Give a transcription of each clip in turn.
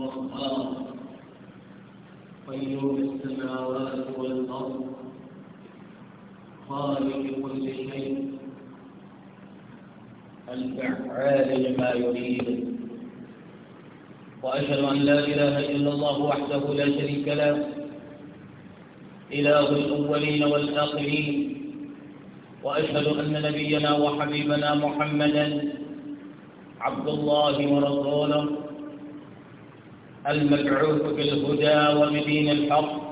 القهار قيوم السماوات والأرض خالق كل شيء الفعال لما يريد وأشهد أن لا إله إلا الله وحده لا شريك له إله الأولين والآخرين وأشهد أن نبينا وحبيبنا محمدا عبد الله ورسوله المبعوث بالهدى وبدين الحق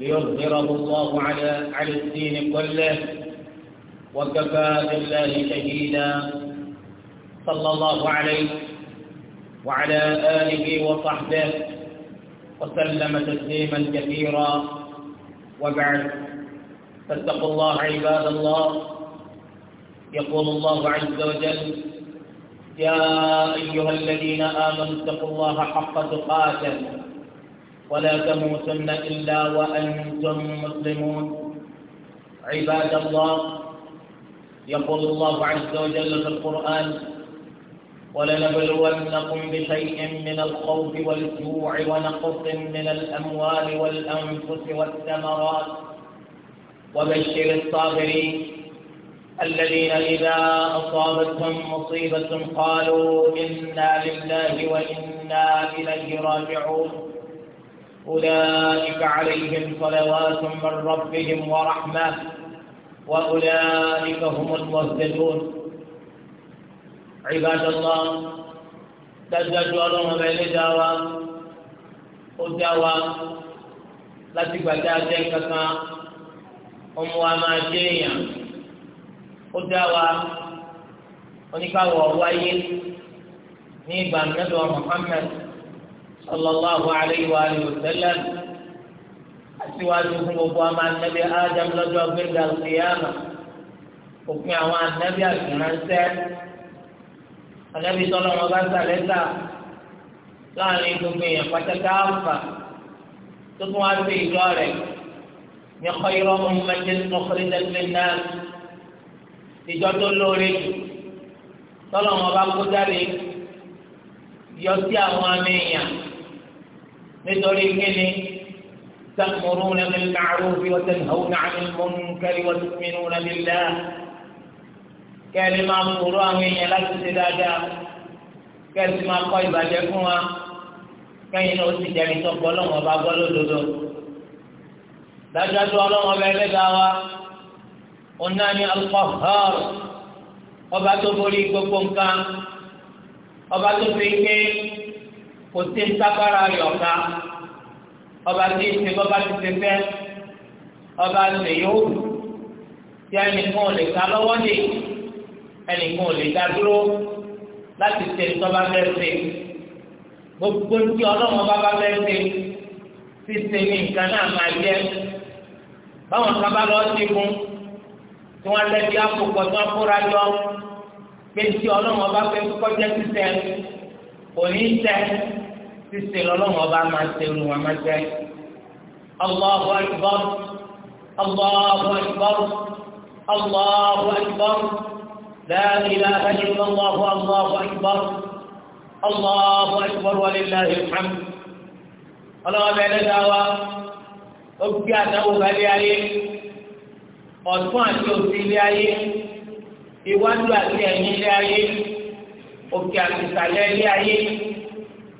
ليظهره الله على على الدين كله وكفى بالله شهيدا صلى الله عليه وعلى آله وصحبه وسلم تسليما كثيرا وبعد فاتقوا الله عباد الله يقول الله عز وجل يا أيها الذين آمنوا اتقوا الله حق تقاته ولا تموتن إلا وأنتم مسلمون عباد الله يقول الله عز وجل في القرآن ولنبلونكم بشيء من الخوف والجوع ونقص من الأموال والأنفس والثمرات وبشر الصابرين الذين إذا أصابتهم مصيبة قالوا إنا لله وإنا إليه راجعون أولئك عليهم صلوات من ربهم ورحمة وأولئك هم المهتدون عباد الله تزداد ولهم بين دعوة ودعوة لا تبدأ ذلك أم وما جيّا ó dá wa oníkàwọ̀ wáyé ní ìgbà nàbẹ̀ wa Muhammad sallallahu alayhi wa alihi wa sallam aṣíwájú fún gbogbo ọmọ anabi Adam lọ́jọ́ gbẹ̀dà al-qiyama òpin àwọn anabi àgbìránṣẹ́ anabi sọlọ wọn bá sàlẹ́sà láàrin gbogbo èèyàn pátákà àfà tó tún wá sí ìjọ rẹ̀ ní khayra ummatin ukhrijat lin-nas ìjọ tó lóore jù tọ́lọ́wọ́n bá kó jáde yọ sí àwọn àmì èèyàn nítorí kíni تأمرون بالمعروف وتنهون عن المنكر وتؤمنون بالله كلمة قرآن لا تسدادا كلمة قيبة لكما كين أسجل تقبلون وبابلوا دودو dájúdájú ọlọ́wọ́ bẹ ẹlẹ́dàá wa onani al-Qahhar ọba tó borí gbogbo nǹkan ọba tó fi gbé kò sí ntagbara yọ̀ọ̀ká ọba tí ìsìn bọ́ba ti ti fẹ́ ọba ṣe yóò tí ẹnìkan ò lè ká lọ́wọ́ dè ẹnìkan ò lè dá dúró láti ṣe tọ́ba fẹ́ ṣe gbogbo tí ọlọ́run ọba bá fẹ́ ṣe ṣíṣe ní nǹkan náà máa jẹ́ báwọn kan bá lọ́ọ́ fún tí wọ́n lẹ́bi àpòpọ̀ tí wọ́n kóra jọ pé tí ọlọ́run ọba fẹ́ kọjá sísẹ kò ní í tẹ sísẹ lọ́lọ́run ọba máa ń tẹ olùwọ̀n máa ń tẹ. Allahu akbar Allahu akbar Allahu akbar la ilaha illallah Allahu akbar Allahu akbar walillahi alhamd. ọlọ́wọ́ bẹ̀rẹ̀ dáwà ó gbé àtàwọn balẹ̀ ayé ọ̀tún àti òsì ilé ayé iwájú àti ẹ̀yìn ilé ayé òkè àti ìsàlẹ̀ ilé ayé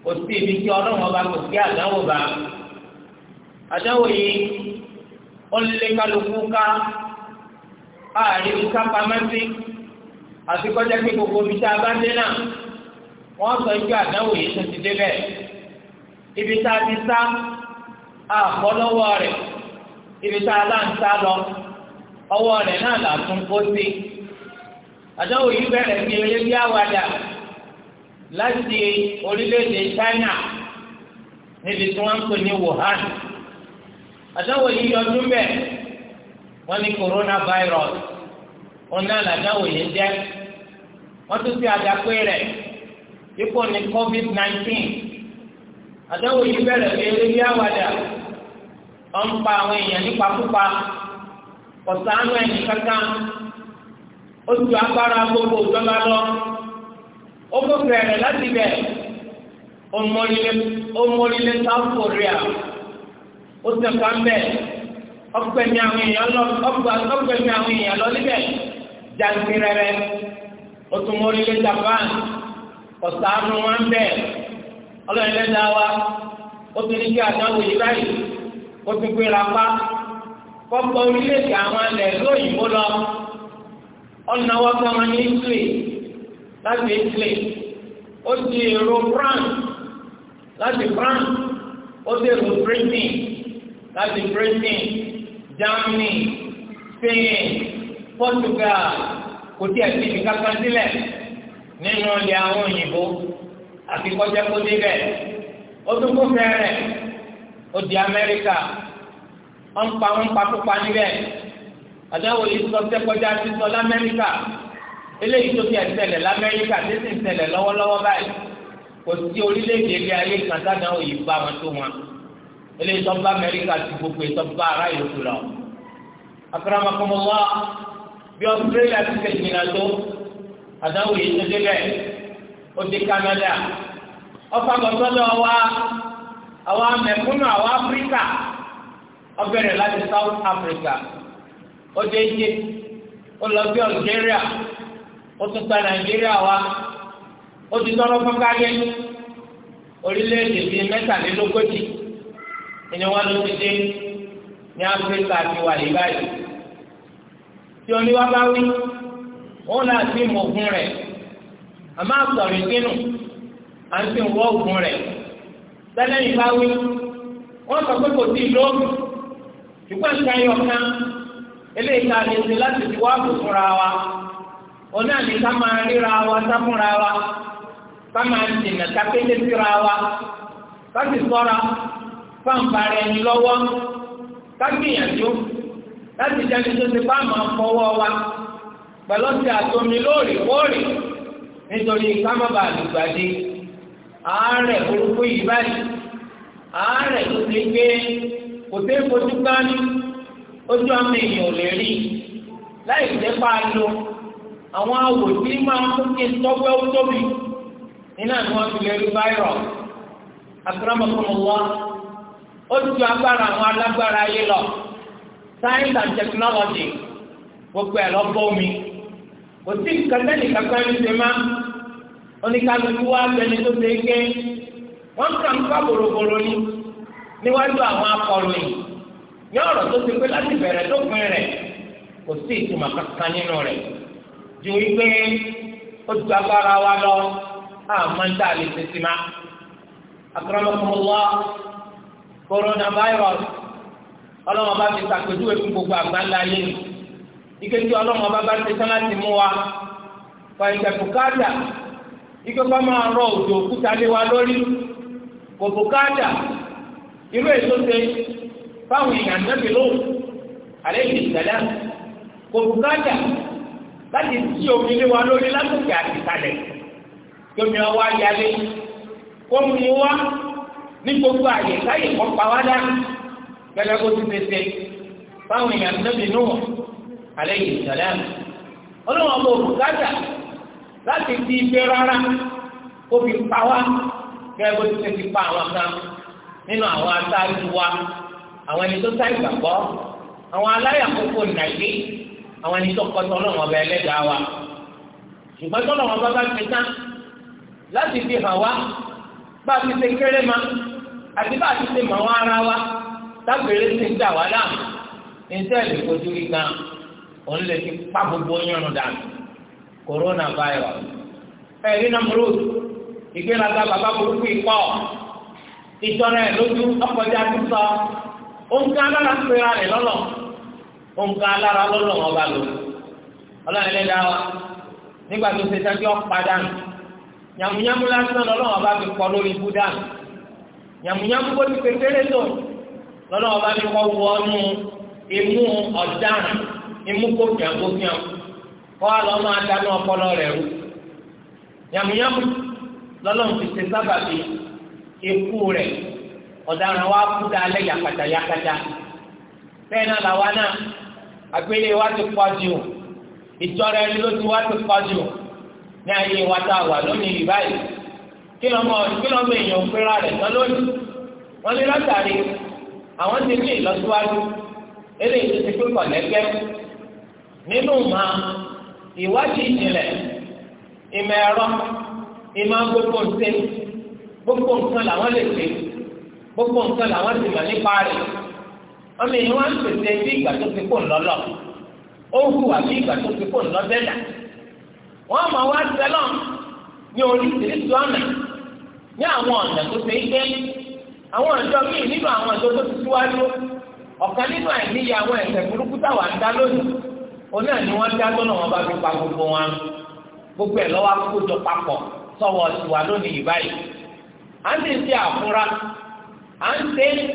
òsì ibi tí ọlọ́run ọba kò sí àdánwò bá àdánwò yìí ó lé kálukú ká àárín kápá mẹ́sì àti kọjá pé gbogbo ibi tá a bá dé náà wọ́n sọ ikú àdánwò yìí tó ti débẹ̀ ibi tá a ti sá àpọ̀ lọ́wọ́ rẹ̀ ibi tá a lá ń sá lọ. ọwọ́ rẹ̀ náà là tún kó sí àdáwò yìí bẹ̀rẹ̀ sí eré bí àwàdà láti orílẹ̀-èdè China níbi tí wọ́n ń pè ní Wuhan àdáwò yìí yọdún bẹ̀ wọ́n ní coronavirus wọn náà làdáwò yìí jẹ́ wọ́n tún fi àdàpé rẹ̀ ipò ní covid 19 àdáwò yìí bẹ̀rẹ̀ sí eré bí àwàdà wọ́n ya àwọn èèyàn ọ̀sánú ẹni kankan ó ju agbára gbogbo lọ ọ kó láti bẹ̀ ọmọlélẹ́ South Korea ó sẹ̀ka ń bẹ̀ ọgbẹ̀mí àwọn èèyàn lọ ọgbẹ̀mí àwọn èèyàn lọ níbẹ̀ jàǹkìrẹ̀rẹ̀ Japan ọ̀sánú wọn bẹ̀ ọlọ́ọ̀lẹ́dá wa ó tún ní kí àdáwò yìí báyìí ó gbéra pa. kọ́kọ́ orílẹ̀-èdè àwọn alẹ̀ lóyìnbó lọ ọ̀nàwọ́ kan wọn ní Italy láti Italy ó di èrò France láti France ó di èrò Britain láti Britain Germany Spain Portugal kò tí ẹ̀ ti fi kankan sílẹ̀ nínú ọ̀lẹ̀ àwọn òyìnbó àti kọjá kó débẹ̀ ó tún kó fẹ́ rẹ̀ ó di Amẹ́ríkà wọ́n pa wọ́n pa púpa níbẹ̀ àdáwò yìí sọ sẹ́kọjá ti sọ lamẹ́ríkà eléyìí tó fi ẹ̀sẹ̀lẹ̀ lamẹ́ríkà tó sì ń ṣẹlẹ̀ lọ́wọ́lọ́wọ́ báyìí kò sí orílẹ̀-èdè ilé ayé kan sádàwò yìí bá wọn tó wọn eléyìí tó bá amẹ́ríkà ti gbogbo ètò bá ara yòókù lọ. akọ́nàmọ́kọ́mọ́wá bí ọ̀sùnrẹ́lẹ̀ ti ṣe ìgbìnà tó àdáwò yìí tó débẹ̀ ó dé Canada ọ̀fà gbọ̀sọ́dọ̀ wa àwọn amẹ̀kúnnù àwọn Áfíríkà Ọ bẹ̀rẹ̀ láti South Africa ó dé ike ó lọ sí Algeria ó tún ta Nàìjíríà ó ti tọrọ fọkàlẹ orílẹ̀-èdè bíi mẹ́tàlélógójì ni wọ́n lọ ti dé ní ti wà ní báyìí tí oníwá bá wí wọn ń ìbáwí ṣùgbọ́n nǹkan ẹyọ kan eléyìí ká lè ṣe láti fi wá bò fúnra wa òun náà ní ká máa ríra wa sá fúnra wa ká máa dènà ká pété síra wa ká sì sọ́ra fáǹfààrẹ ẹni lọ́wọ́ ká gbìyànjú láti jáde tó ti bá máa fọwọ́ wa pẹ̀lú ti àtomi lóòrèkóòrè nítorí ká má bàa lùgbàdì àárẹ̀ burúkú yìí báyìí àárẹ̀ tó ti gbé. kò sí fojú kání ojú àmì èèyàn ò lè rí láì jẹ́ pa lo àwọn awò tí máa ń kókè tọ́gbẹ́ ó tóbi nínú àti wọn virus àkàràmọ̀kùnrin ó ti ju agbára àwọn alágbára ayé lọ science and technology gbogbo ẹ̀ lọ́gbọ́ mi kò sí níwájú àwọn akọ̀ròyìn ní ọ̀rọ̀ tó ti pé láti bẹ̀rẹ̀ dópin rẹ̀ kò sí ìtumọ̀ kankan nínú rẹ̀ ju wípé ó ju agbára wa lọ àmọ́ lè tètè má. akramakumullah coronavirus bá ti ṣàpèjúwe fún gbogbo àgbáńlá yé mi ike tí bá ti tán láti mú wa ike máa rọ òjò òkúta lé wa lórí irú èso ṣe fáwọn èèyàn nẹ́bí lóhùn àlẹ́ ìṣẹ̀lẹ̀ kò bùkátà láti tí omi lé wa lórí látòkè àti kalẹ̀ kí omi wa yálé kó mu wa ní gbogbo àyè káyè kọ́ pa wá dá gẹ́gẹ́ bó ti tètè fáwọn èèyàn nẹ́bí lóhùn àlẹ́ ìṣẹ̀lẹ̀ ọlọ́wọ́n bò bùkátà láti ti ibẹ̀ rárá kó fi pa wá gẹ́gẹ́ bó ti tètè pa àwọn kan. nínú àwọn aṣáájú wa àwọn ẹni tó sá àwọn aláyàkókò nàìjí àwọn ẹni tó kọtọ lọ́wọ́ ọba ẹlẹ́dàá wa ṣùgbọ́n tó lọ́wọ́ bá bá ti tán láti fi hàn wá bá a ti ṣe kéré ma àti bá a ti ṣe mọ̀ wá ara wa ń dà wá rí gan òun lè fi pa gbogbo ìtọ́rẹ lójú ọkọjá sísọ oúnjẹ alára pera rẹ lọ́nà oúnjẹ alára lọ́nà ọba lò ọlọ́run ẹlẹ́dàá wa nígbà tó ṣe sájú ọ̀pá dànù yàmùyàmù lásán lọ́nà ọba fi kọ́ lórí ibú yàmùyàmù bó ti tó ọba fi kọ́ wọnú imú imú kó kọ́ àlọ́ máa dáná ọpọlọ ikú rẹ̀ ọ̀daràn wa kú dalẹ̀ yakata yakata na náà làwa náà agbele wa ti pọ̀ jù ìjọra lo ti wá ti pọ̀ jù ní ayé wa tá a wà lónìí báyìí rẹ̀ àwọn ti ní ìlọsíwájú ti pé nínú ma ìwádìí gbogbo nǹkan làwọn lè ṣe gbogbo nǹkan làwọn ti mọ̀ nípa rẹ̀ ọmọ èyí wọn ń pèsè bí ìgbà tó fi kó ńlọ́lọ́ ó ń hùwà bí ìgbà tó fi kó ńlọ́dẹ́dà wọ́n mọ̀ wá sẹ́lọ̀ ní oríṣiríṣi ọ̀nà ní àwọn ọ̀nà tó ṣe é gbé àwọn ọ̀dọ́ míì nínú àwọn ọ̀dọ́ tó ti síwájú ọ̀kan nínú àìníyẹ àwọn ẹ̀ṣẹ̀ burúkú táwa ń dá lónìí oní àní wọn dá lọ́nà wọn bá fi pa gbogbo wọn gbogbo ẹ̀ lọ́wọ́ akójọ papọ̀ sọ́wọ́ tiwa lónìí yìí báyìí à ń tẹ̀sí àfúnra à ń tẹ́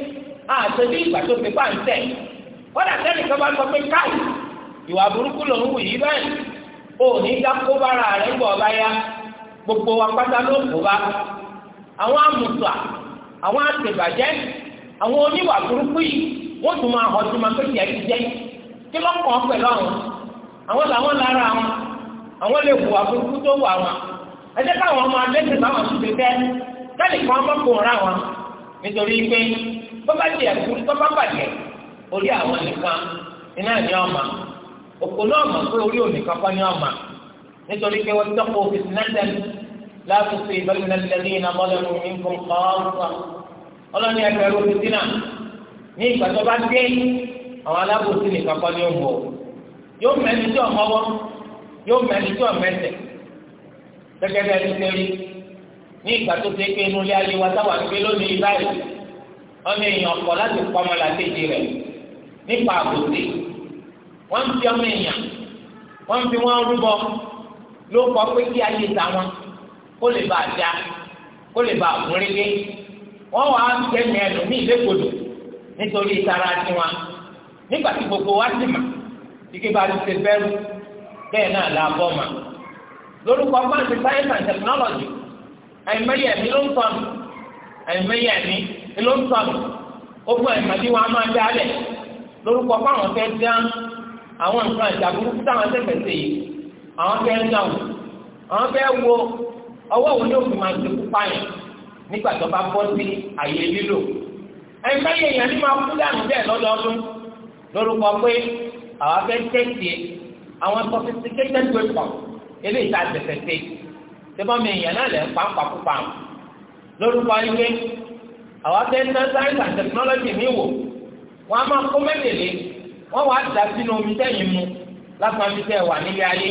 àṣẹ ìgbà tó fi pa ń tẹ̀ kọ́dà sẹ́ni kan bá sọ pé káì ìwà burúkú ló wù yí báyìí ní bára rẹ̀ ń bọ̀ gbogbo ló kó bá àwọn àwọn àtẹ̀bàjẹ́ àwọn oníwà burúkú yìí wọ́n tún máa máa pé kìí jẹ́ kí pẹ̀lú àwọn àwọn làwọn lára àwọn àwọn lè wù àbúrúkú tó wù àwọn káwọn ọmọ sani kan ọmọkùnrin ra wọn nítorí pé bọ́bá ti ẹ̀kú bọ́bá bàjẹ́ orí àwọn nìkan iná ní ọmọ òkú náà mọ̀ pé orí òníkan kọ́ ní ọmọ nítorí pé wọ́n tọ́kọ òfìsì náà dẹ́nu láti ṣe ìbẹ́lẹ̀ lẹ́lẹ́ iná mọ́lẹ́nu ní nǹkan kọ́ọ̀ọ́sọ ọlọ́ni ẹgbẹ̀rún òfìsì náà ní ìgbà tó bá dé àwọn alábòsí nìkan kọ́ ní òwò yóò mẹ́ni tí ọmọ yóò mẹ́ni tí ọmọ ẹsẹ̀ gẹ́gẹ́ bẹ́ẹ̀ ní ìgbà tó ṣe pé inú ilé ayé wa sáwà ń gbé lónìí báyìí ọmọ èèyàn kọ̀ láti pamọ́ làkejì rẹ̀ nípa àbòsí wọ́n fi ọmọ èèyàn wọ́n fi wọ́n rúbọ ló kọ́ pé kí ayé ta wọn kó lè bá a da kó lè bá a mú régbé wọ́n wàá tẹ̀lé ẹlòmíì lẹ́kọ̀ọ́dọ̀ nítorí ìtara tiwọn nígbà tí gbogbo wa sì mà ike bá ti ṣe bẹ́rù bẹ́ẹ̀ náà la bọ́ mà lórúkọ fáńsì science and technology. àìmọye ẹ̀mí ló ń sọnù àìmọye ẹ̀mí ló ń sọnù ogun àìmọye wọn máa fáwọn dá àwọn nǹkan táwọn yìí àwọn àwọn wo ọwọ́ wo ni máa ti kú nígbà tó bá bọ́ sí máa kú dànù bẹ́ẹ̀ lọ́dọọdún pé àwọn tẹ̀sí àwọn eléyìí tá a tẹ́bọ́ mi èèyàn náà lẹ̀ ń pa pàkúpà lórúkọ ayé àwọn akẹ́kọ̀ọ́ science and technology mi wò wọ́n á máa kó mẹ́tẹ̀lé wọ́n wá dà sínú omi tẹ́yìn mu lásán omi tẹ́ wà nílé ayé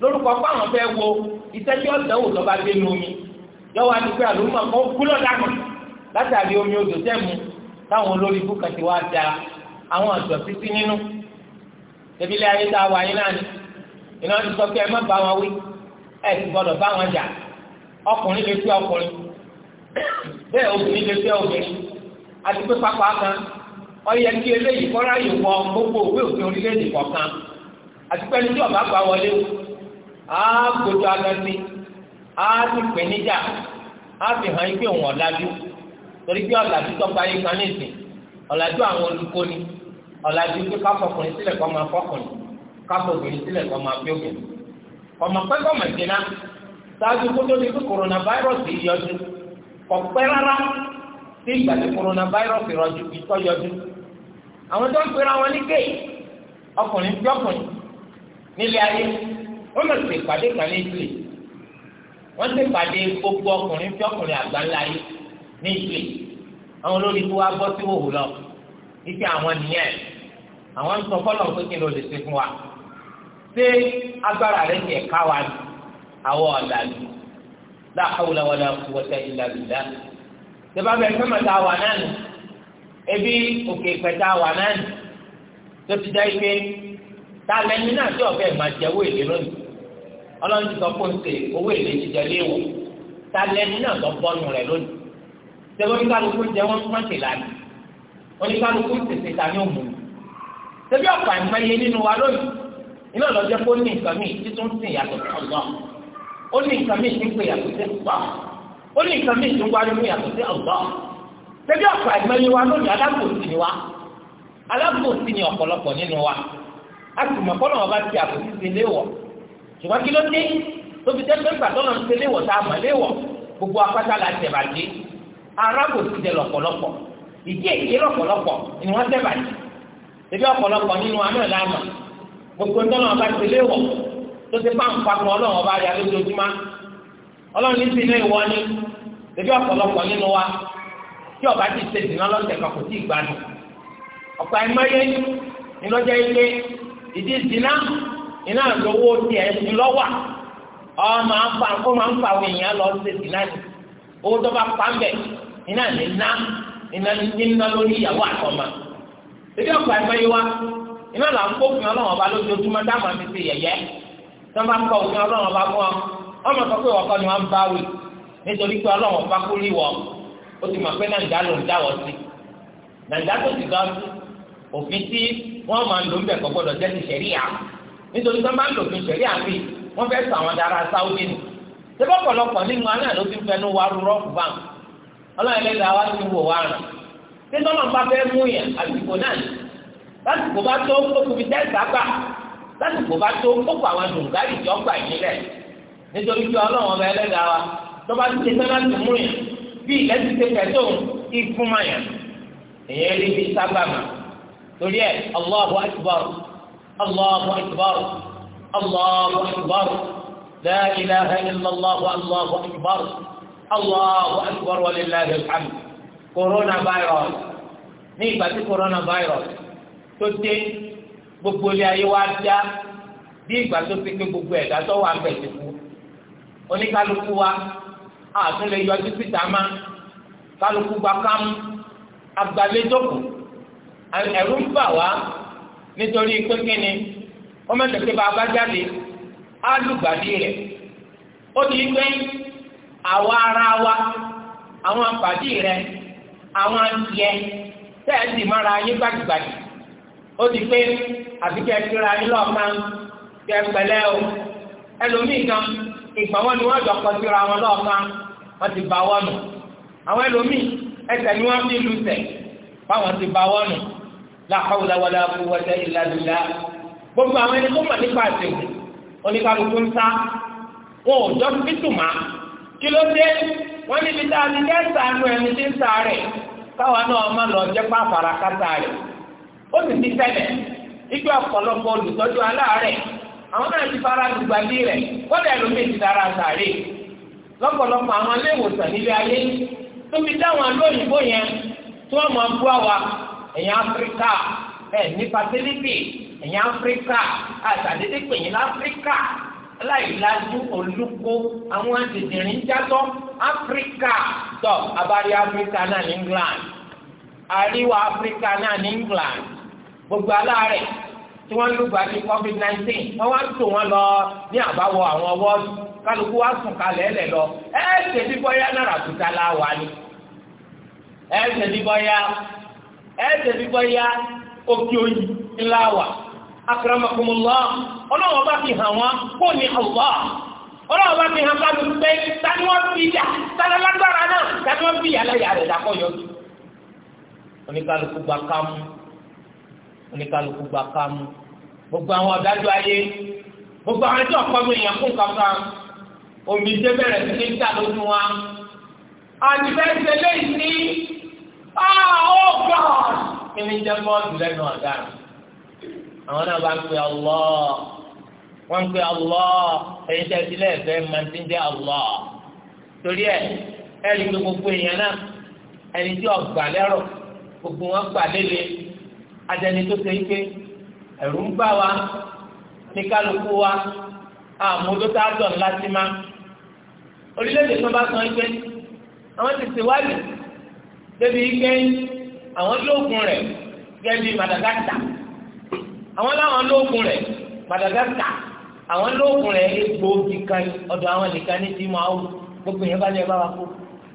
lórúkọ fáwọn fẹ́ wo iṣẹ́ tí ọ̀sẹ̀ wò lọ́ba dé nu omi yọ̀wọ́ àdúgbò àlùmọ̀ kan kú lọ́dàkùn látàrí omi odò tẹ́ mu táwọn olórí ibú kan ti wá da àwọn àjọ títí nínú tẹ̀bílẹ̀ ayé tá a wà yín náà ni ìnáwó ti sọ pé ẹ má bá ẹ̀ gbọdọ gbọ́dọ̀ bá wọn jà ọkùnrin lè fi ọkùnrin bẹ́ẹ̀ obìnrin lè fẹ́ obìnrin àti pé ọyẹ kí gbogbo òwe òfin orílẹ̀-èdè kọ̀ọ̀kan àti pé ọba wọlé á á ti pè níjà á fi hàn yín òun torí pé kan pé sílẹ̀ kọ́ máa ọmọ pẹ́kọ̀ mẹ̀sìnà ṣáájú kó tó di pé kòrónàfáírọ́ọ̀sì yọjú kò pẹ́ rárá sí ìgbà tí kòrónàfáírọ́ọ̀sì rọjú ìtọ́ yọjú. àwọn tó ń pera wọn ní kéè ọkùnrin tí ọkùnrin nílé ayé wọn lọ sí ìpàdé kan ní ìtìlẹ̀ wọn sì pàdé gbogbo ọkùnrin tí ọkùnrin àgbáńlá ayé ní ìtìlẹ̀ àwọn olórí tó wá bọ́ sí òhù lọ ike àwọn nìyẹn àwọn ń sọ fọlọ́ ṣé agbára rẹ̀ ti ẹ̀ka wa ni àwọn ọ̀làlù la hawla wala quwwata illa billah tẹ́fà bẹ́ẹ̀ sọ́mọ̀tà wà náà nù ebi òkè ìpẹ́tà wà náà nù tó ti dá ike tá a lẹ́ni náà tí ọ̀bẹ máa jẹ owó èlé lónìí ọlọ́run ti sọ fún ṣe owó èlé jíjẹ léèwọ̀ tá a lẹ́ni náà lọ bọ́nu rẹ̀ lónìí tẹ́fà oníkálukú jẹ wọ́n fún ọ̀sẹ̀ lánàá oníkálukú tètè ta ní òmùn tẹ́fà ọ̀pọ̀ àìmọye iná lọ́jọ́ pé ó ní nǹkan míì tí tó ń sìn yàtọ̀ sí ọ̀gbọ́n ó ní nǹkan míì tí ń pè yàtọ̀ sí ọ̀gbọ́n ó ní nǹkan míì tí ń wárí mú yàtọ̀ sí ọ̀gbọ́n tẹ́bí ọ̀pọ̀ àìmọye wa lónìí alábòsí ni wa alábòsí ni ọ̀pọ̀lọpọ̀ nínú wa a sì mọ̀ kọ́nà ọba ti àbòsí ti léwọ̀ ṣùgbọ́n kí ló dé tóbi tẹ́ pé gbàtọ́ náà ń ṣe léwọ̀ tá a mọ̀ léwọ̀ gbogbo apáta la tẹ̀ bàjẹ́ arábòsí tẹ lọ̀pọ̀lọpọ̀ ìdí èyí lọ̀pọ̀lọpọ̀ ni wọ́n tẹ̀ bàjẹ́ tẹ́bí ọ̀pọ̀lọpọ̀ nínú wa náà gbogbo ńtọ́nà ọba ti lé wọ̀ tó ti pàm papọ̀ ọlọ́run ọba yà lójoojúmọ́ ọlọ́run ní sinú ìwọ ni ebi ọ̀pọ̀lọpọ̀ nínú wa tí ọba ti ṣe ìdìnnà lọ́sẹ̀ kan tí ì ọ̀pọ̀ àìmọye ìlọ́jẹ́ ilé ìdí iná tiẹ̀ ọmọ afa ó máa ń fa àwọn èèyàn lọ ni owó tó bá pa mbẹ iná ní ná iná ní ná lórí ìyàwó àtọ̀mà ebi ọ̀pọ̀ wa iná na ń kó ọlọ́run ọba lójoojúmọ́ dáhùn àti ti yẹ̀yẹ́ tí bá ń kọ òfin ọba fún ọ ọmọ sọ pé ọkọ ni wọ́n bá wì nítorí pé ọlọ́run ọba kú rí wọ ó ti mọ̀ pé nàìjà ló ń dáwọ́ sí nàìjà tó ti sí òfin tí wọ́n máa ń lò ń bẹ̀ kọ́ gbọ́dọ̀ jẹ́ ti nítorí tó ń lò láti kó bá tó ó kó fi dẹ́sà gbà láti kó bá tó ó kó àwọn dùnkárì tí ó gbà yín lẹ̀ nítorí pé ọlọ́run ọba ẹlẹ́dàá wa tó bá ti ṣe tán láti mú yẹn bí ilẹ̀ ti ṣe tẹ̀tọ́ ìfúnmayàn èyàn rí bí sábàmà torí ẹ Allahu akbar Allahu akbar Allahu akbar la ilaha illallah Allahu akbar Allahu akbar wa tó dé gbogbo ilé ayé wa dá bí ìgbà tó ti pé gbogbo ẹ̀dá tó wà bẹ̀ ti kú oníkálukú wa àtún lè yọjú síta má kálukú gba kámú agbálẹ́dọ́kù ẹ̀rú ń bà wá nítorí pé kíni wọ́n mẹ́tẹ̀ẹ́tẹ́ bá a bá jáde á rẹ̀ ó ti pé àwa ara wa àwọn àpàdé rẹ̀ àwọn àti ẹ̀ tẹ́ẹ̀ mára ayé gbàgbàgbà ó ti pé àfi kẹ́ ẹ kíra yín lọ́ọ̀kan kẹ́ ẹ pẹ̀lẹ́ o ẹlòmíì kan ìgbàwọ́ ni wọ́n jọkọ síra wọn lọ́ọ̀kan wọ́n ti bá wọ́nù àwọn ẹlòmíì ẹsẹ̀ ni wọ́n fi lùsẹ̀ báwọn ti bá wọ́nù la hawla wala quwwata illa billah gbogbo àwọn ẹni tó mọ̀ nípa àtẹ̀wò oníkàlùkù ń sá wọn ò jọ sí tùmá kí ló dé wọ́n níbi tá a ti kẹ́ sànú ẹni tí ń sàárẹ̀ káwọn náà má lọ jẹ́ pàfàrà kásàárẹ̀ ó sì ti ṣẹlẹ̀ ikú ọ̀pọ̀lọpọ̀ olùtọ́jú aláàárẹ̀ àwọn náà ti fara gbogbo ayé rẹ̀ kọ́dà ẹlòmíì ti dára sàárè lọ́pọ̀lọpọ̀ àwọn ilé ìwòsàn nílé ayé tó fi dáwọn lóyìnbó yẹn tí wọ́n máa bú àwa ẹ̀yìn áfíríkà ẹ̀ ní fasiliti ẹ̀yìn áfíríkà àtàdédé pèyìn láfíríkà aláìlájú olùkó àwọn àtẹ̀tẹ̀rín játọ́ áfíríkà tó abárí áfíríkà náà ní England àríwá áfíríkà náà ní England gbogbo ala tí wọ́n lùgbàdì covid nineteen wọ́n wá tò lọ ní àbáwọ àwọn wọ́ọ̀dù kálukú wá sùn kalẹ̀ lọ ẹ̀ ṣèbí bọ́yá náírà tuta la wà ní ẹ̀ ṣèbí bọ́yá bọ́yá òkè ńlá wà ọlọ́wọ́ bá fi hàn kó ní ọ̀wọ́ ọlọ́wọ́ bá fi hàn bá mi pé tani tani náà tani fi yà rẹ̀ oníkálukú gba kámú oníkálukú gba kámú gbogbo àwọn ọ̀dájú ayé gbogbo àwọn ẹjọ́ ọ̀pọ̀lọpọ̀ èèyàn fún kankan omi ṣe bẹ̀rẹ̀ sí ní ta lójú wa àtìfẹ́sẹ̀ lẹ́yìn sí ọ́ ah, oh God kí ni jẹ́ bọ́ọ̀lù lẹ́nu ọ̀daràn àwọn náà bá ń pe Allah wọ́n ń pe Allah ẹ̀yin tẹ́ sílẹ̀ ẹ̀fẹ́ máa ti ń jẹ́ Allah torí ẹ̀ ẹ̀rí gbogbo èèyàn náà ẹni tí ọ̀gbà lẹ́rọ̀ gbogbo wọn gbà lélẹ̀ adẹni tó ṣe ike ẹ̀rù ń bà wá ní kálukú wa àmójútó tá a dọ̀ ńlá sí ma orílẹ̀-èdè tó bá san ike àwọn ti ṣèwádìí débi ike àwọn lóògùn rẹ̀ gẹ́gẹ́ Madagascar àwọn láwọn lóògùn rẹ̀ Madagascar àwọn lóògùn rẹ̀ egbòogi kan ọ̀dọ̀ àwọn nìkan ní ti máa wù gbogbo yẹn bá lè bá wa kó.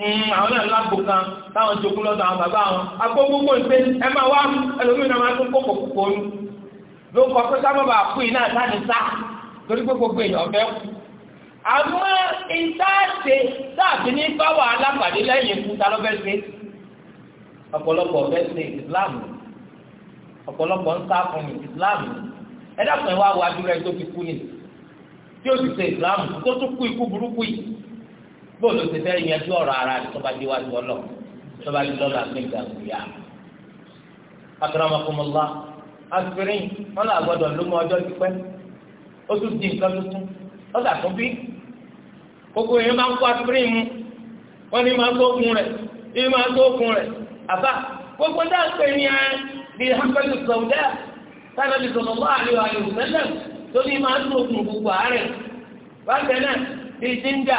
Mm, àwọn náà lágbo kan táwọn jogún lọ́dọ̀ àwọn bàbá wọn agbó gbogbo ìpè ẹ máa wá ẹlòmíràn máa tún kókò kókò ní ló kọ pé ká má bàa kú iná sáni sá torí pé gbogbo èèyàn fẹ́ kú. àmọ́ ìtaàṣe tàbí ní bá wàhálà pàdé lẹ́yìn ikú ta ló fẹ́ ṣe ọ̀pọ̀lọpọ̀ fẹ́ ṣe ìsìláàmù ọ̀pọ̀lọpọ̀ ń sá fún ìsìláàmù ẹ̀dá kan wá wá dúró ẹ tó fi kú ni tí ó sì ṣe ìsìláàmù tó tún kú ikú burúkú yìí bóòlù ti fẹ́ yanjú ọ̀rọ̀ ara rẹ̀ tó bá di wájú ọlọ́ tó bá di lọ́la gbẹ̀ngà gbìyà. akramakumullah aspirin wọn là gbọ́dọ̀ ló mọ ọjọ́ ti pẹ́ ó tún di nǹkan tuntun ó dà tún bí gbogbo yẹn máa ń kó aspirin mu wọn ní máa tó kun rẹ̀ ní máa tó kun rẹ̀ àbá gbogbo dáa ń ní ẹ bí hankali sọ̀dá sábà bí sallallahu alaihi wa sallam tó ní máa tó kun gbogbo àárẹ̀ bákan náà bí jíńdà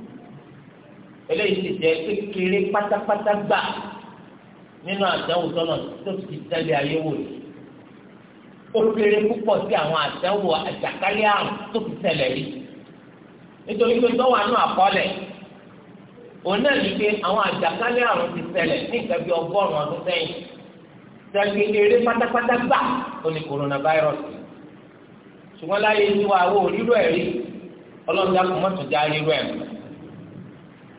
eléyìí ti jẹ́ kékeré pátápátá gbà nínú àdánwò tọ́nà tó ti tẹ́lẹ̀ ayé wò yìí ó kéré púpọ̀ sí àwọn àdánwò àjàkálẹ̀ àrùn tó ti tẹ́lẹ̀ rí nítorí pé tọ́wọ́ àánú àkọọ́lẹ̀ òun náà ní pé àwọn àjàkálẹ̀ àrùn ti tẹ́lẹ̀ ní nǹkan bí ọgọ́rùn-ún ọdún sẹ́yìn tẹ́lẹ̀ kékeré pátápátá gbà ó ní coronavirus ṣùgbọ́n láyé ní wa owó onírú ẹ̀rí ọlọ́run dàpọ̀ mọ́tò já rírú ẹ̀rí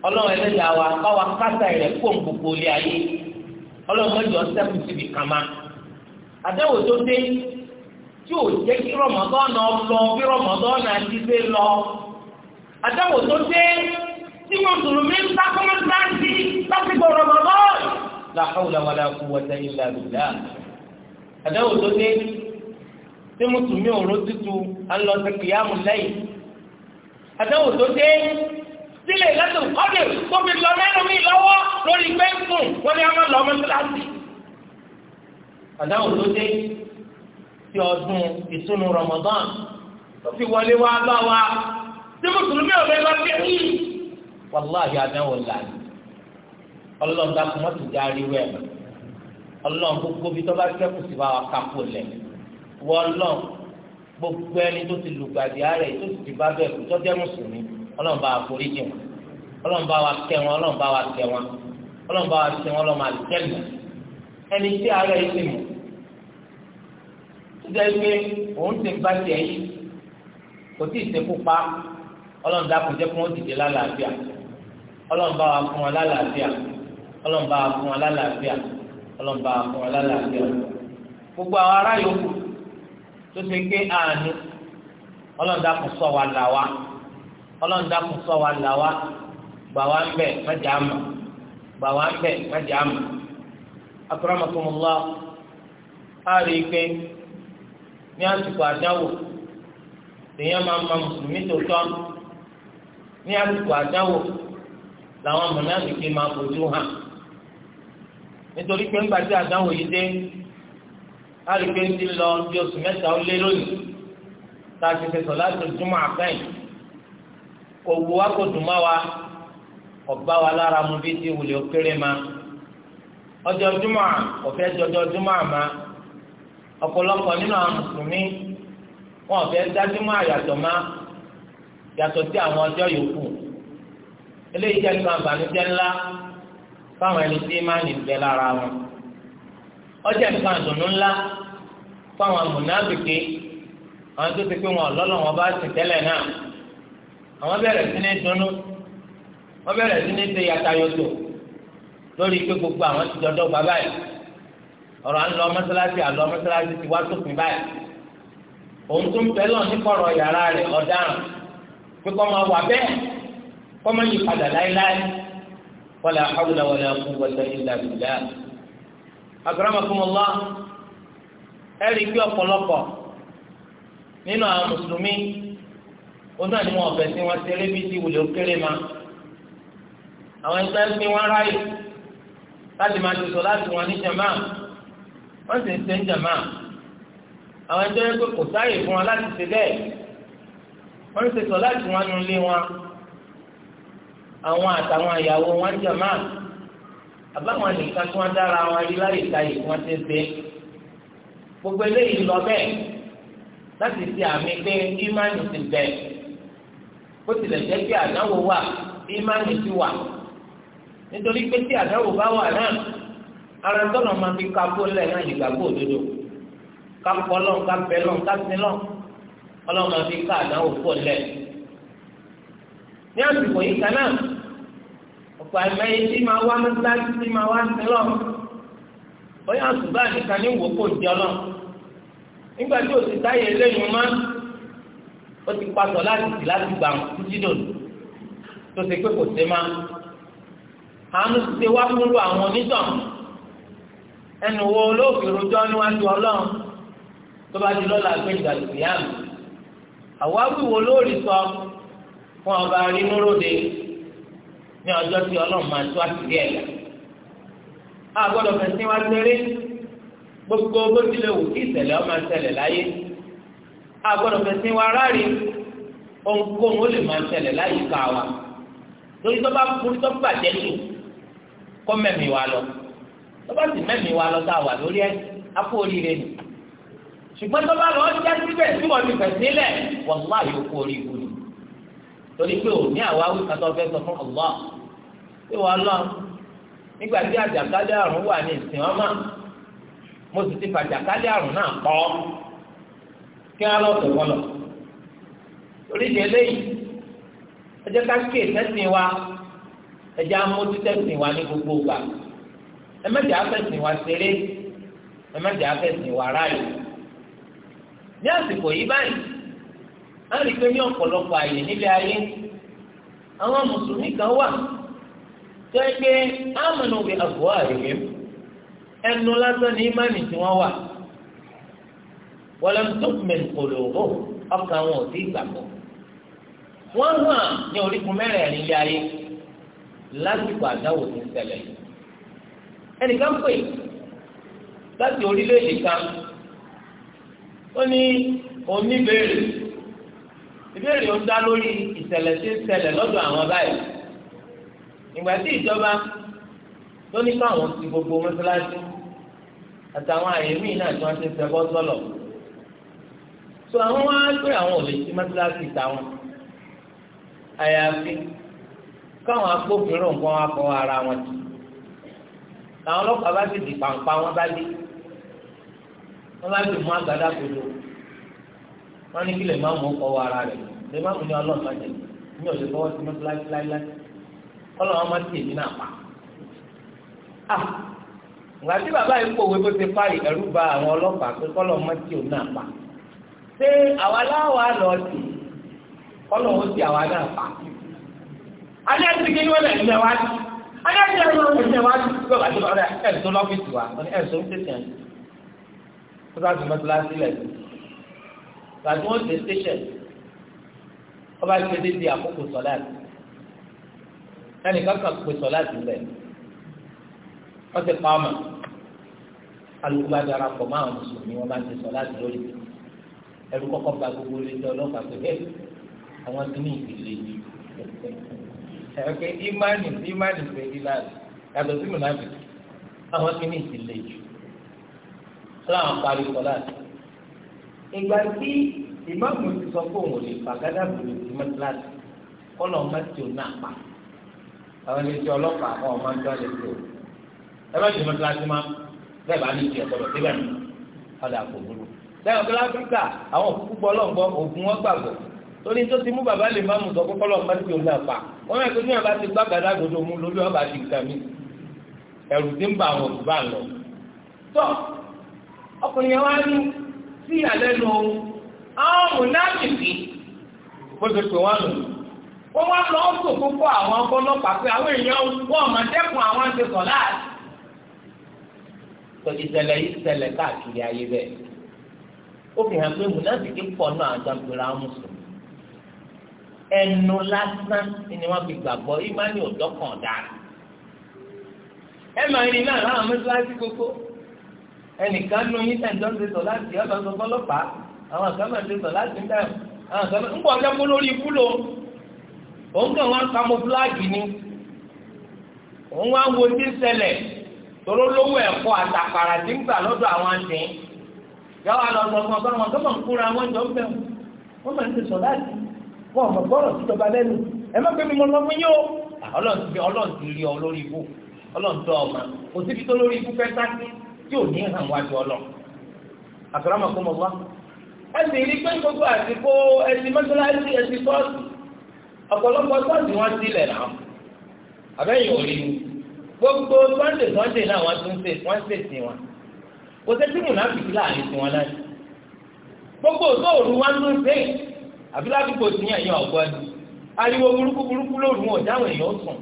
ọlọ́run ẹlẹ́dàá wa báwa kásá rẹ̀ kó gbogbo ilé ayé ọlọ́run mẹ́jọ sẹ́kù síbi kàmá àdáwò tó dé tí ò jẹ́ kí rọmọdọ́nà lọ bí rọmọdọ́nà ti dé lọ àdáwò tó dé tí mùsùlùmí ń bá kọ́mọ́sáǹtì lásìkò rọmọdọ́n la hawla wala quwwata illa billah àdáwò tó dé tí mùsùlùmí òró tutù alọ́sẹ̀kìyàmù lẹ́yìn àdáwò tó dé sílẹ̀ lẹ́sìn kọ́dì tó fi lọ mẹ́rin mi lọ́wọ́ lórí gbẹ́ngùn wọ́n ní a máa lọ ọmọ kíláàsì. àdáhùn tó dé tí ọdún ìtúnu Ramadan tó fi wọlé wá bá wa tí mùsùlùmí ọ̀rẹ́ bá fẹ́ yí. wàláhì àdáhùn làní ọlọ́run dákun wọ́n ti darí wẹ̀ ọlọ́run gbogbo bí tọ́ bá kẹ́kù sí wa kápò lẹ̀ wọ́n lọ́n gbogbo ẹni tó ti lùgbàdì ààrẹ tó ti ti bá bẹ̀ kú tọ́jẹ́ mùsùlùmí ọlọ́run bá wa forí jìn wọn ọlọ́run bá wa kẹ́ wọn ọlọ́run bá wa kẹ́ wọn ọlọ́run bá wa ṣe wọn lọ́mọ àlùjẹ́nà ẹni tí ara yìí ti mọ̀ ṣíṣe pé òun ti bá tiẹ̀ yìí kò tí ì ṣekú pa ọlọ́run dákun jẹ́ kí wọ́n dìde lálàáfíà ọlọ́run bá wa fún wọn lálàáfíà ọlọ́run bá wa fún wọn lálàáfíà ọlọ́run bá wa fún wọn lálàáfíà gbogbo àwọn ará yòókù tó ṣe pé àánú ọlọ́run dákun sọ wa là wa ọlọ́run dákun sọ wa là wa gbà wá ń bẹ̀ mẹ́jà mọ̀ gbà wá ń bẹ̀ mẹ́jà mọ̀ akramakumullah á rí i pé ní àsìkò àdáwò lèèyàn máa ma mùsùlùmí tó tọ́ ní àsìkò àdáwò làwọn mọ̀nàmìkì máa fojú hàn nítorí pé ńgbà tí àdáwò yìí dé á rí ń ti lọ bí oṣù mẹ́ta ó lé lónìí tá a ti fẹsọ̀ láti ojúmọ́ àkáyìn. kò wù kò dùn má wa ọba wa lára mu bí ti wulẹ̀ kéré ma ọjọ́ júmọ̀ ọ̀fẹ́ jọjọ́ júmọ̀ àmà ọ̀pọ̀lọpọ̀ nínú àwọn mùsùlùmí wọn ọ̀fẹ́ dá àyàtọ̀ má yàtọ̀ sí àwọn yòókù eléyìí ńlá fáwọn ẹni tí nì lára wọn àdùnnú ńlá fáwọn àwọn tó ti pé wọn sì náà. àwọn bẹ̀rẹ̀ sí ní dunnú wọ́n bẹ̀rẹ̀ sí ní ṣe yàtayọ̀tò lórí ikpe gbogbo àwọn ti dọ́dọ́ gba báyìí ọ̀rọ̀ à mọ́sálásí àlọ́ mọ́sálásí ti wá sópin báyìí òun tún bẹ́ẹ̀ lọ ní yàrá rẹ̀ ọ̀daràn pé kọ́ máa wà bẹ́ẹ̀ kọ́ máa yí padà láéláé wala hawla wala quwwata illa billah ẹ̀rí ọ̀pọ̀lọpọ̀ nínú àwọn mùsùlùmí ó náà ni wọn ọ̀fẹ́ sí wọn ṣeré bí ti wùlé ó kéré ma àwọn ẹni tẹ́ ń pín wọn ráyè láti máa ṣe sọ láti wọn ní jàmá wọn sì ń ṣe ń jàmá àwọn ẹni tó yẹ pé kò sáàyè fún wọn láti ṣe bẹ́ẹ̀ wọn ń ṣe sọ láti wọn nu ilé wọn àwọn àtàwọn ìyàwó wọn jàmá àbáwọn nìkan tí wọn dára wọn rí láyè táyè wọn ti ṣe gbogbo eléyìí lọ bẹ́ẹ̀ láti ṣe àmì pé ìmánì ti bẹ́ẹ̀. bó tilẹ̀ jẹ́ kí àdáwò wà bí ìmánì ti wà nítorí pé tí àdáwò bá wà náà ara tọ́nà máa fi kápó lẹ̀ náà ìgbàgbọ́ òdodo kápọ́ lọ́n lọ́n lọ́n ọlọ́run máa fi ká àdáwò lẹ̀. ní àsìkò yìí tí máa wá tí máa wá ó ti pàtó láti tì láti gbà títí dòdò tó ṣe pé kò ṣe máa àánú ti ṣe wá fúnlù àwọn onítàn ẹnu wo olóòfin rojọ́ níwájú ọlọ́run tó bá di lọ́la gbé ìdàgbé yàrá àwáwí wo lóòrì sọ fún ọba rínúròde ní ọjọ́ tí ọlọ́run máa tó àtìrí ẹ̀yà a gbọ́dọ̀ fẹ̀sìn wá gbére gbogbo bó tilẹ̀ wù kí ìṣẹ̀lẹ̀ ọmọ ìṣẹ̀lẹ̀ láyé agbọ́dọ̀ fẹ̀sìn wa rárí ohunkóhun ó lè máa ṣẹlẹ̀ láyìíká wa lórí tó bá burú tó bàjẹ́ lò kọ́ mẹ́mí wa lọ tó bá sì mẹ́mí wa lọ tá a wà lórí ẹ̀ akó oríire nì ṣùgbọ́n tó bá lọ já síbẹ̀ tí wọ́n ti fẹ̀sìn lẹ̀ wọ́n má yóò kó orí ibu ni torí pé òní àwa wí kàtọ́ fẹ́ sọ fún ọ̀gbọ́n pé wọ́n lọ nígbà tí àjàkálẹ̀ àrùn wà ní ìsìn ọmọ mo sì ti fàjàkálẹ̀ àrùn náà kọ́ kí á lọ́sọ̀ kọlọ̀ oríṣi eléyìí ẹ jẹ́ ká kí ìtẹ́sìn wa ẹ jẹ́ amójú tẹ́sìn wa ní gbogbo gbà ẹ mẹ́jẹ̀ afẹ́sìn wa ṣeré ẹ mẹ́jẹ̀ afẹ́sìn wa ráàyè ní àsìkò yìí báyìí á rí i pé ní ọ̀pọ̀lọpọ̀ àyè nílé ayé àwọn mùsùlùmí kan wà tó ẹ pé ámànù bí àyè ẹnu lásán ní ìmánì tí wọ́n wà walam tu'min qulubuhum ọkàn wọn ò sí ìgbàgbọ́ wọ́n hàn ní orígun mẹ́rẹ̀ẹ̀rin ilé ayé lásìkò àdáwò ti ń ṣẹlẹ̀ ẹnìkan pè láti orílẹ̀-èdè kan ó ní oníbèrè ìbéèrè ó dá lórí ìṣẹ̀lẹ̀ tí ń ṣẹlẹ̀ lọ́dọ̀ àwọn báyìí ìgbà tí ìjọba ló ní káwọn ti gbogbo mọ́ṣáláṣí àtàwọn àyè náà tí wọ́n ti ń ṣẹbọ sọ́lọ̀ so àwọn wá àwọn ò lè ti mọ́tíláṣí táwọn àyàfi káwọn agbófinró nǹkan wá kọ́ ara wọn jù làwọn ọlọ́pàá bá sì di pàǹpá wọn bá dé wọn bá mú kodo wọn ní kí lè má mú ọkọ̀ ara rẹ lè má mú ní jẹ ní fọwọ́ sí mọ́tíláṣí láíláí má ti èmi náà pa ìgbà tí bàbá yìí kò wé bó ṣé àwa láwa lọ sí ọlọ́wọ́ sí àwa náà pa. alẹ́ ti kí ni wọ́n lẹ̀ ń lẹ̀ wá sí alẹ́ ti kí ni wọ́n lẹ̀ ń lẹ̀ wá sí gbọ́dọ̀ àti ọ̀rẹ́ ẹ̀ tó lọ́fíìsì wa ẹ̀ tó ń tẹ̀sán tó bá ti mọ́tò láti lẹ̀ sí gbàtí wọ́n ṣe tẹ̀sán ọba ti ṣe di àkókò sọ̀lá ẹnìkan kan pè sọ̀lá sílẹ̀ wọ́n ti pa ọmọ alùpùpù adarapọ̀ máa ń sùn ní wọ́n bá ti sọ̀lá sí lórí mi ẹrú kọ́kọ́ ba gbogbo létí ọlọ́pàá pé ẹ àwọn tó ní ìpìlẹ̀ yìí ẹ̀kẹ́ ìmánì ìmánì pé ìlànà yàtọ̀ sí mùnàbì àwọn tó ní ìpìlẹ̀ yìí láwọn parí kọ́lá ìgbà tí ìmáàmù ti sọ pé òun ò lè fàgádà bùrù sí mọ́tíláàtì kọ́lọ̀ mọ́tì ò náà pa àwọn létí ọlọ́pàá ọ̀ máa ń dọ́ létí o ẹ bá ti mọ́tíláàtì má bẹ́ẹ̀ bá ní ìjẹ́ ọ̀pọ̀lọ̀ síbẹ̀ ọ̀dà kò burú sẹ́yìn ọ̀gbẹ́ láfíríkà àwọn òkúkú gbọ́ lọ́ngbọ́ ògùn wọn gbàgbọ́ torí tó ti mú bàbá lè má mú sọ pé kọ́lọ́ ọ̀gbá ti òun àpà wọ́n mẹ́rin tó ní ọba ti gbá gàdá gbòdo mú lórí ọba ti nǹkan mi ẹ̀rù ti ń bà àwọn òkú bá lọ. tọ́ ọkùnrin yẹn wá ní sí ìyàlẹ́nu ohun àwọn mùnáfìkì bójú pé wọ́n lò wọ́n wá lọ sùn púpọ̀ àwọn ọlọ́pàá pé àwọn èèyàn wọ́n mọ̀ dẹ́kun àwọn ti sọ̀ láàrín. tọ́jú tẹlẹ yìí tẹlẹ káàkiri ó fi hàn pé mùnàfíkì pọ̀ náà àgbàgbèrè àwọn mùsùlùmí ẹnu lásán ni wọ́n fi gbàgbọ́ ìmánì ọ̀dọ́ kan dára ẹ máa rí náà láwọn mẹ́tíláṣí gbogbo ẹnìkan nu yín tẹ̀sán ṣe sọ láti ọ̀dọ̀ sọ fọlọ́pàá àwọn àgbàmọ̀ ṣe sọ láti ń dàrú àwọn àgbàmọ̀ ń pọ̀ ọjọ́ kó lórí ikú lò òun kàn wọ́n kamọ́ fúláàgì ni òun wá wo tí ń ṣẹlẹ̀ tòró lówó ẹ̀kọ́ àtàkàrà tí ń gbà lọ́dọ̀ àwọn àti yà wà lọ sọ̀kan bá wọn tọ́mọ̀ ń kúra wọn jọ ń bẹ̀ wọ́n máa ń ti sọ̀ láti wọ́n mọ̀ gbọ́rọ̀ síjọba lẹ́nu ẹ má gbé mi mọ́ lọ́mú yóò ọlọ́run ti rí ọ lórí ibú ọlọ́run tọ́ ọmọ kò síbi tó lórí ibú fẹ́ sáké tí ò ní hàn wájú ọlọ́ àtúrámà kó mọ̀ wá. ẹ sì rí pé gbogbo àsìkò ẹsìn mọ́sálásí ẹsìn tọ́ọ̀sì ọ̀pọ̀lọpọ̀ tọ́ọ̀sì wọn sílẹ̀ náà àbẹ́yìn òrí gbogbo sunday sunday náà wọ́n tún ṣe wọ́n ṣèṣin wọn kò sẹ́sí mùnàfíkì láàrin tiwọn náà gbogbo òṣòòrù wa ló ń sè é àbí ládùúgbò tí yàn yàn ni ariwo burúkú burúkú lóru wọn ò dáhùn èèyàn sùn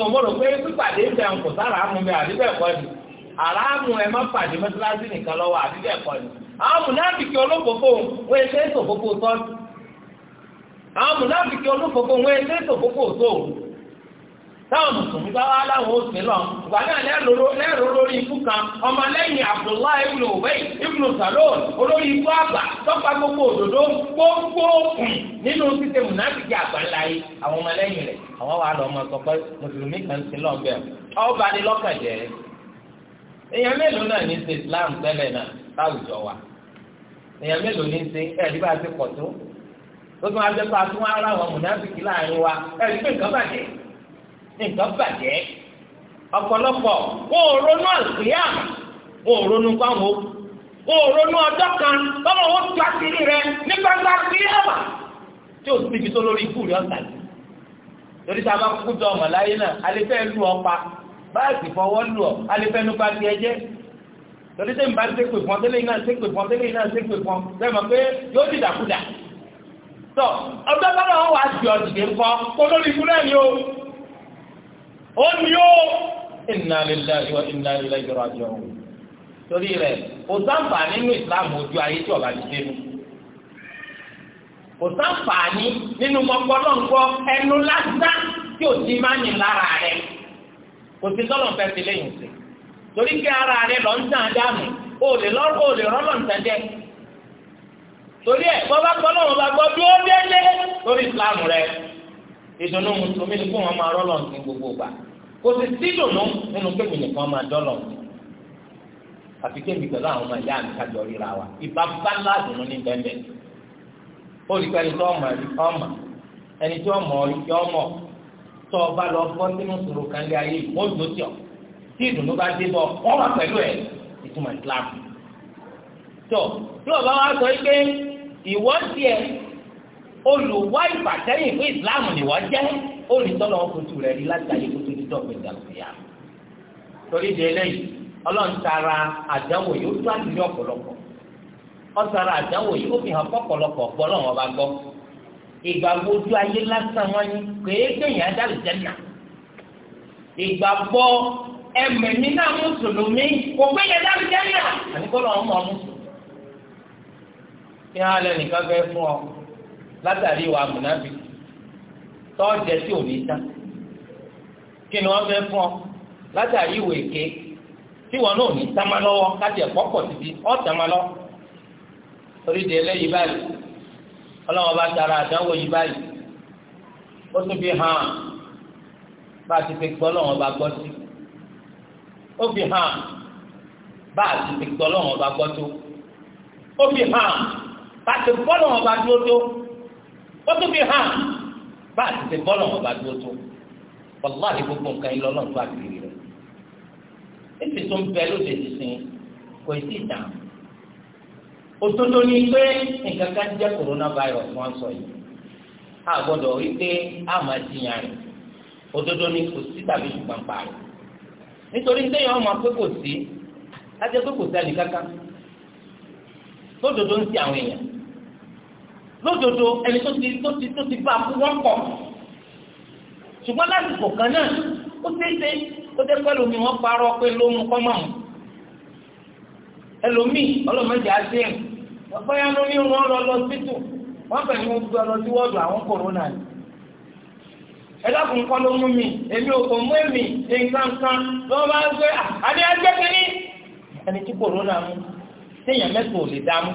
tó mo rò pé pípàdé ń bẹ ọkọ̀ sára àmú bẹ àbí bẹ́ẹ̀ kọ́ ni àràmù ẹ má pàdé mọ́tíláṣí nìkan lọ́wọ́ àbí bẹ́ẹ̀ kọ́ ni àwọn mùnàfíkì olófòfò wọn ẹsẹ̀ sòfòfò tọ́jú àwọn mùnàfíkì olófòfò wọn ẹsẹ̀ sòfòfò sóòrù táwọn mùsùlùmí bá wá láwọn ó sí lọ ìgbà náà lẹ́rọ lórí ikú kan ọmọ lẹ́yìn abdullahi ibn ubay ibn salon olórí ikú àgbà gbogbo òdòdó gbogbo nínú títẹ mùnàfíkì àwọn ọmọ lẹ́yìn rẹ̀ àwọn wà kan sí lọ bẹ́ẹ̀ ọba ni èèyàn mélòó náà ní islam tẹ́lẹ̀ náà wa èèyàn mélòó ní ti nǹkan bàjẹ́ ọ̀pọ̀lọpọ̀ wọn o ronú àlùkìyà wọn ò ronú pàwọn wọn ò ronú ọjọ́ kan báwọn wọn tu àṣírí rẹ ní gbangba àlùkìyà wà tí o síbi tó lórí ikú rẹ ọ̀tà yìí torí tá a bá kú jọ ọmọ láyé náà alẹ́fẹ́ lu ọ pa báàsì fọwọ́ lu ọ alẹ́fẹ́ nípa ti ẹjẹ́ torí tẹ́ ń bá ṣépè fún ọ tẹ́lẹ̀ náà ṣépè fún ọ tẹ́lẹ̀ náà ṣépè fún ọ bẹ́ẹ̀ mọ̀ pé yóò dìdàkudà tọ ọjọ́ bá wọn wá sí ọ ó ní ó inna lillahi wa inna ilaihi raji'un torí rẹ̀ kò sáǹfà nínú ìsìláàmù ojú ayé tí ọ̀bà ti dé mu kò sáǹfààní nínú mọ́kànlá ńkọ ẹnu lásán tí ò ti máa ní lára rẹ̀ kò sí tọ́lọ̀ fẹ́ fi lẹ́yìn sí torí kí ara rẹ̀ lọ ń tàn dànù o lè lọ́rọ̀ o lè rọ́lọ̀ ń tàn jẹ́ torí ẹ̀ bọ́bá kọ́lọ́ wọn bá gbọ́ dúró délé lórí Islam rẹ̀ ìdùnnú mùsùlùmí ni kó wọn máa rọ́lọ̀ ń sin gbogbo gbà kò sì sí dùnú nínú kéèmì nìkan máa dọ́lọ̀ àfi kéèmì pẹ̀lú àwọn ọmọ ìyá mi kájọ ríra wa ìbá bá ńlá dùnú ní bẹ́ẹ̀ olùkẹ́ni tó ọmọ rí ọmọ ẹni tó ọmọ rí tí ọmọ tó ọba lọ bọ́ sínú sòrò kan lé ayé ìmọ̀jò tí ọ tí ìdùnnú bá dé bọ̀ ọ wà pẹ̀lú ẹ̀ ìtumọ̀ Islam tó tí ọba wa sọ pé ìwọ tiẹ̀ olùwá ìfàsẹ́yìn fún Islam nìwọ jẹ́ olùtọ́lọ́ ọkùnrin rẹ̀ rí láti ayé kó dọ̀gbìn dàgbìyà torí de eléyìí ọlọ́run tara yìí ó tó ọ̀pọ̀lọpọ̀ ọ̀tara yìí ó fi hàn pọ̀pọ̀lọpọ̀ ọ̀pọ̀ ọba gbọ́ ojú ayé lásán wọn ni náà mùsùlùmí kò ọmọ mùsùlùmí. kí nìkan fún ọ látàrí kí ni wọ́n fẹ́ fún ọ látàrí ìwé èké tí wọn náà ní tàmá lọ́wọ́ láti ẹ̀kọ́ pọ̀ títí ọ́ tàmá lọ. torí di báyìí ọlọ́wọ́n bá tara àdánwò yìí báyìí ó tún fi hàn bá a ti fi gbọ́ lọ́wọ́n bá gbọ́ sí ó fi hàn bá a ti fi gbọ́ lọ́wọ́n bá gbọ́ tó ó fi hàn bá a ti gbọ́ lọ́wọ́n bá dúró tó ó tún fi hàn bá a ti fi gbọ́ lọ́wọ́n bá dúró tó wàláhì gbogbo nǹkan yìí lọ́nà tó àkìrì rẹ̀ èsì tó ń bẹ lóde sísìn kò sí ìtàn òtótó ni pé nǹkan kan jẹ́ coronavirus wọ́n sọ yìí a gbọ́dọ̀ rí pé a máa jiyàn rẹ̀ òtótó ni kò sí tàbí ṣùgbọ́n pa rẹ̀ nítorí téèyàn ọmọ pé kò sí ajẹ́ pé kò sẹ́ni kankan lódodo ń ti àwọn èèyàn lódodo ẹni tó ti tó ti tó ti bá a kú wọ́n pọ̀ ṣùgbọ́n lásìkò kan náà ó ṣeéṣe ó jẹ́ pẹ́ lómi wọ́n parọ́ pé ló mú kọ́mọ̀ ọ̀hún ẹlòmíì ọlọ́mọdé àṣeyàn wọ́n pẹ́ yánú ní wọn lọ lọ síbítù wọ́n pẹ̀lú wọn gbọ́ lọ sí wọ́ọ̀dù àwọn kòrónà ni ẹlọ́kùn kọ́ ló mú mi èmi ò kò mú èmi nǹkankan lọ́wọ́ bá ń gbé àdé ẹgbẹ́ kínní ẹni tí kòrónà mú téèyàn mẹ́sàn-án ò lè dá mú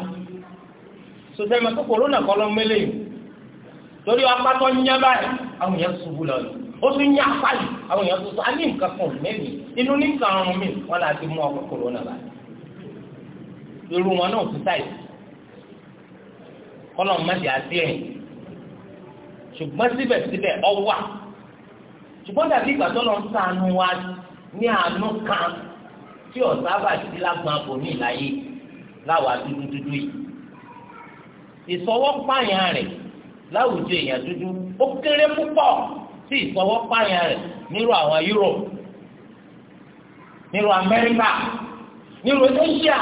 sọtẹ́ mi kó kòrónà kọ́ ló mẹ́lẹ̀ yìí torí apátọ́ ń yá báyìí àwọn yẹn ṣubú lọ ó tún yá apáyì àwọn èèyàn tó sọ àní nǹkan kan mẹ́rin inú nìkan ọrùn mi wọn là ti mú ọkọ kòrónà báyìí irú wọn náà ti sáyì kọlọ̀ mọ́tì àti ẹ̀ ṣùgbọ́n síbẹ̀síbẹ̀ ọwà ṣùgbọ́n dàbí ìgbà tó lọ ń sànù wa ní àánú kan tí ọ̀sábà sí lágbọn abòmí ìláyé láwàá dúdú dúdú yìí ìsọwọ́ pààyàn rẹ̀ láwùjọ èèyàn dúdú ó kéré púpọ̀ sí ìfọwọ́pàyàn rẹ̀ nírú àwọn Europe nírú Amẹ́ríkà nírú Asia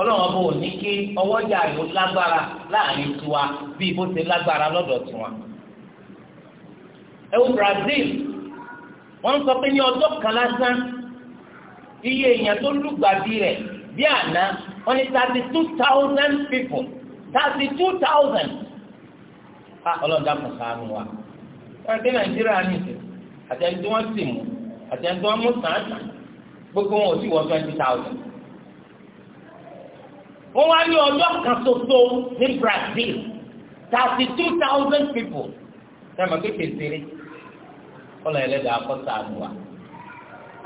ọlọ́wọ́n bò ní kí ọwọ́jà yóò lágbára láàrin tiwa bí ibo ṣe lágbára lọ́dọ̀ tiwọn. ẹ wo Brazil wọ́n ń sọ pé ní ọjọ́ kan lásán iye èèyàn tó lùgbàdì rẹ̀ bí àná wọ́n ní thirty two thousand people thirty two thousand. Ah, ọlọ́dà kò sáánù wa. wọ́n gbé nàìjíríà ní ìsìn àtẹni tí wọ́n sì mú gbogbo wọn ò sì wọ twenty thousand. wọ́n wá Brazil thirty two thousand people sẹ́mi kékeré ṣeré kọ́lọ̀ ẹlẹ́dàá àbúwá.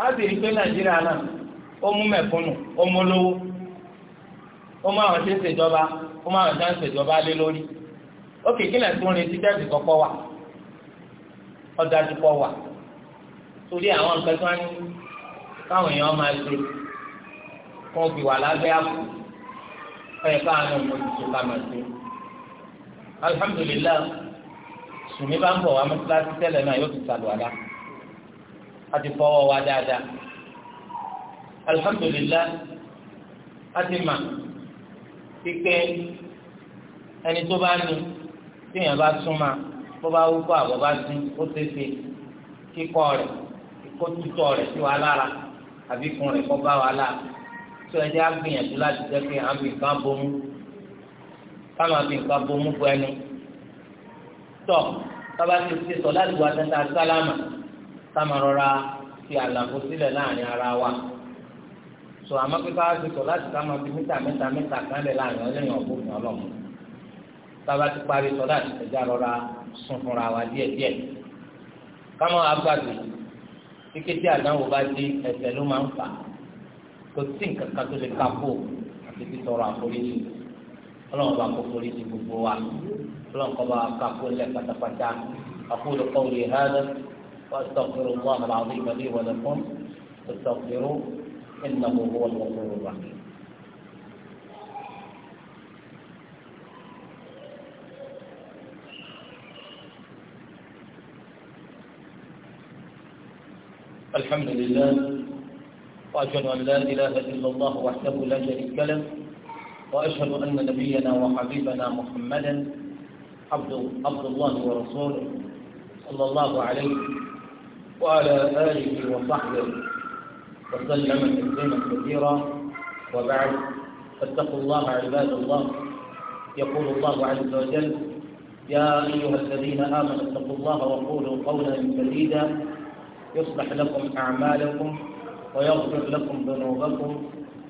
a sì rí pé nàìjíríà náà ó mú ọmụ ó mú lówó ó mú àwọn tí ń ṣèjọba ó mú àwọn tí ń ṣèjọba lé ọdájú pọ̀ wà torí àwọn nǹkan tó wá ní káwọn èèyàn máa ṣe kó fi wà lábẹ́ àpò ọyẹ káwọn náà mo ti tó ká máa ṣe. alihamudulilayi sùnmi bá ń bọ̀ wá mọ́tíláṣí tẹ́lẹ̀ náà yóò ti sàlùwàlá a ti fọwọ́ wa dáadáa alihamudulilayi a ti mà pípé ẹni tó bá ní tí èèyàn bá súnmọ́ a bó bá wú kó àbọ̀ bá sí ó tẹ̀sẹ̀ kíkọ́ rẹ̀ kíkọ́ tútọ̀ rẹ̀ sí wa lára àbí kun rẹ̀ kọ́ bá wa lára tó ẹjẹ́ á gbìyànjú láti jẹ́ pé à ń fi nǹkan bomú káwọn àfi nǹkan bomú bu ẹnu tọ̀ tábà ti ṣe sọ láti wá tẹ́tà sálámà táwọn rọra fi àlàfo sílẹ̀ láàrin ara wa sọ àmọ́ pé ti sọ láti káwọn fi mítà mẹ́ta mẹ́ta kan lẹ̀ láàrin ọlẹ́yìn ọ̀gbọ́n ọlọ́mọ tábà ti parí sọ láti ẹjẹ́ rọra sùn fúnra wa díẹ̀ díẹ̀ kámọ agbàgbé kíkétí àdánwò bá dé ẹsẹ̀ ló máa ń fà kò sí nǹkan kan tó lè ká kó àti títọrọ àforíjì ọlọ́run bá kó foríjì gbogbo wa ọlọ́run kọ́ bá ká kó lẹ̀ pátápátá أقول قولي هذا وأستغفر الله العظيم لي ولكم فاستغفروه إنه هو الغفور الرحيم الحمد لله وأشهد أن لا إله إلا الله وحده لا شريك له وأشهد أن نبينا وحبيبنا محمدا عبد عبد الله ورسوله صلى الله عليه وعلى آله وصحبه وسلم تسليما كثيرا وبعد فاتقوا الله عباد الله يقول الله عز وجل يا أيها الذين آمنوا اتقوا الله وقولوا قولا سديدا يصلح لكم أعمالكم ويغفر لكم ذنوبكم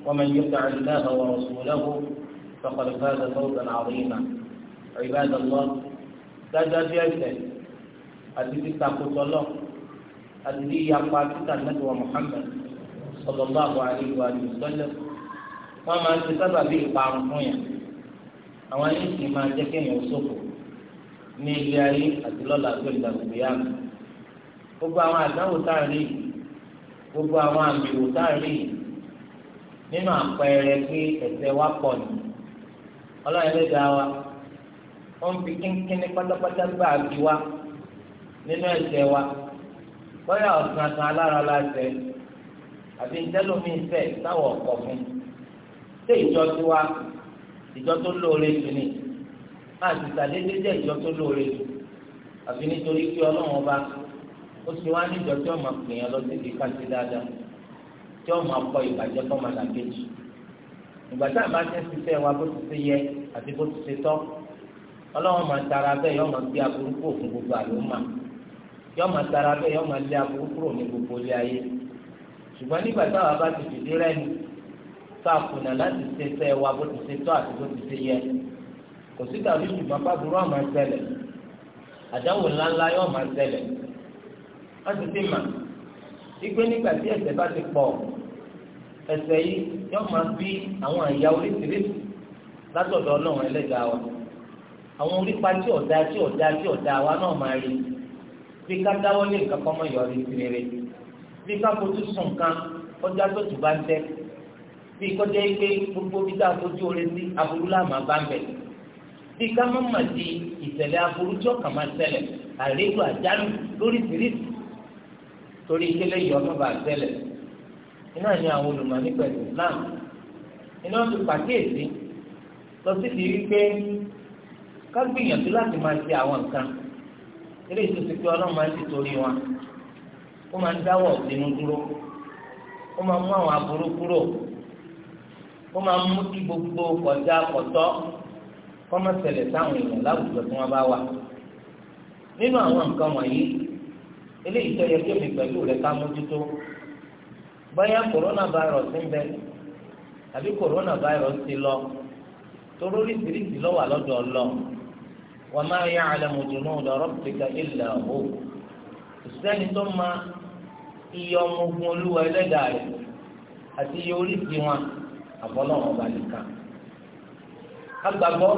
ومن يطع الله ورسوله فقد فاز فوزا عظيما عباد الله dájúdájú ẹsẹ̀ àti títa kòtọlọ àti yíyapa títa nẹtiwọ Muhammad sallallahu alaihi wa sallam wọn máa ń ti sábà bí ìparun fún yẹn àwọn yìí sì máa jẹ kéèyàn ṣòfò ní ilé ayé àti lọ́la tó ìdàgbé yàrá. gbogbo àwọn àdánwò tá a rí gbogbo àwọn àbẹ̀wò tá a rí nínú àpẹẹrẹ pé wa pọ̀ ní ọlọ́run ẹlẹ́dàá wa ó ń fi kínkínní pátápátá gbà bí wa nínú ẹsẹ wa bóyá ọ̀sán kan alára la àbí ntẹ́lómi táwọn ọ̀kọ̀ fún ṣé ìjọ wa ìjọ tó lóore jù ni láti ṣàdédé jẹ́ ìjọ tó lóore jù àbí nítorí kí ọlọ́run ọba. ó sì wá níjọ tí ọmọ pèèyàn lọ sí ìdíkà sí dáadáa tí ọmọ akọ ìbàjẹ́ kọ́ máa là kejì ìgbà tá a bá ti ń ṣiṣẹ́ wa bó ti ṣe yẹ àti bó ti ṣe tọ́ ọlọ́run máa tara bẹ́ẹ̀ yọ máa gbé aburúkú òfin gbogbo àlùmá yọ máa tara bẹ́ẹ̀ yọ máa lé aburúkú òní gbogbo ilé ayé ṣùgbọ́n nígbà táwa bá ti fìdí rẹ́nu ká kùnà láti ṣe ṣe wa bó ti ṣe tọ́ àti bó ti ṣe yẹ kò sí tàbí ṣùgbọ́n pàbùrọ̀ máa ṣẹlẹ̀ àdáwò ńláńlá yọ máa ṣẹlẹ̀ wọ́n ti ti mà igbe nígbà tí ẹ̀ṣẹ̀ bá ti pọ̀ ẹ̀ṣẹ̀ yìí yóò máa bí àwọn àyà oríṣiríṣi látọ̀dọ̀ ọlọ́run ẹlẹ́dàá wa àwọn orípa tí ọ̀dà tí ọ̀dà tí ọ̀dà wa náà máa rí bí ká dáwọ́ lé nǹkan kọ́mọ yọrí rere bí ká fojú sùn kan ọjà tó tù bá ń tẹ́ bí kọjá ike gbogbo bí ká fojú oore sí aburú láàmà bá ń bẹ̀ bí ká má mà di ìṣẹ̀lẹ̀ aburú tí ọkàn máa ṣẹlẹ̀ àrégbò àjálù lóríṣiríṣi torí kílẹ̀ yìí ọmọ bá tẹ́lẹ̀ iná ni àwọn olùmọ̀ọ́ni pẹ̀lú Islam iná ti pàkíyèsí lọ sí ti rí pé ká gbìyànjú láti máa ṣe àwọn nǹkan eré ìtòsí pé ọlọ́run máa ń ti torí wọn ó máa ń dáwọ́ sínú dúró ó máa ń mú àwọn aburú kúrò ó máa ń mú kí gbogbo kọjá kọtọ́ kọ́mọ́sẹ̀lẹ̀ sáwọn èèyàn láwùjọ tí wọ́n bá wà nínú àwọn nǹkan wọ̀nyí. eléyìí tó yẹ kí omi pẹ̀lú rẹ̀ ká mójútó bóyá corona virus ń bẹ àbí corona virus ti lọ toró oríṣiríṣi lọ́wọ́ lọ́dọ̀ lọ wa ma ya'lamu junuda rabbika illa hu òṣìṣẹ́ni tó ma iye ọmọ ogun olúwa ẹlẹ́dàá rẹ̀ àti iye oríṣi wọn àbọ̀lọ́wọ́ ọba agbàgbọ́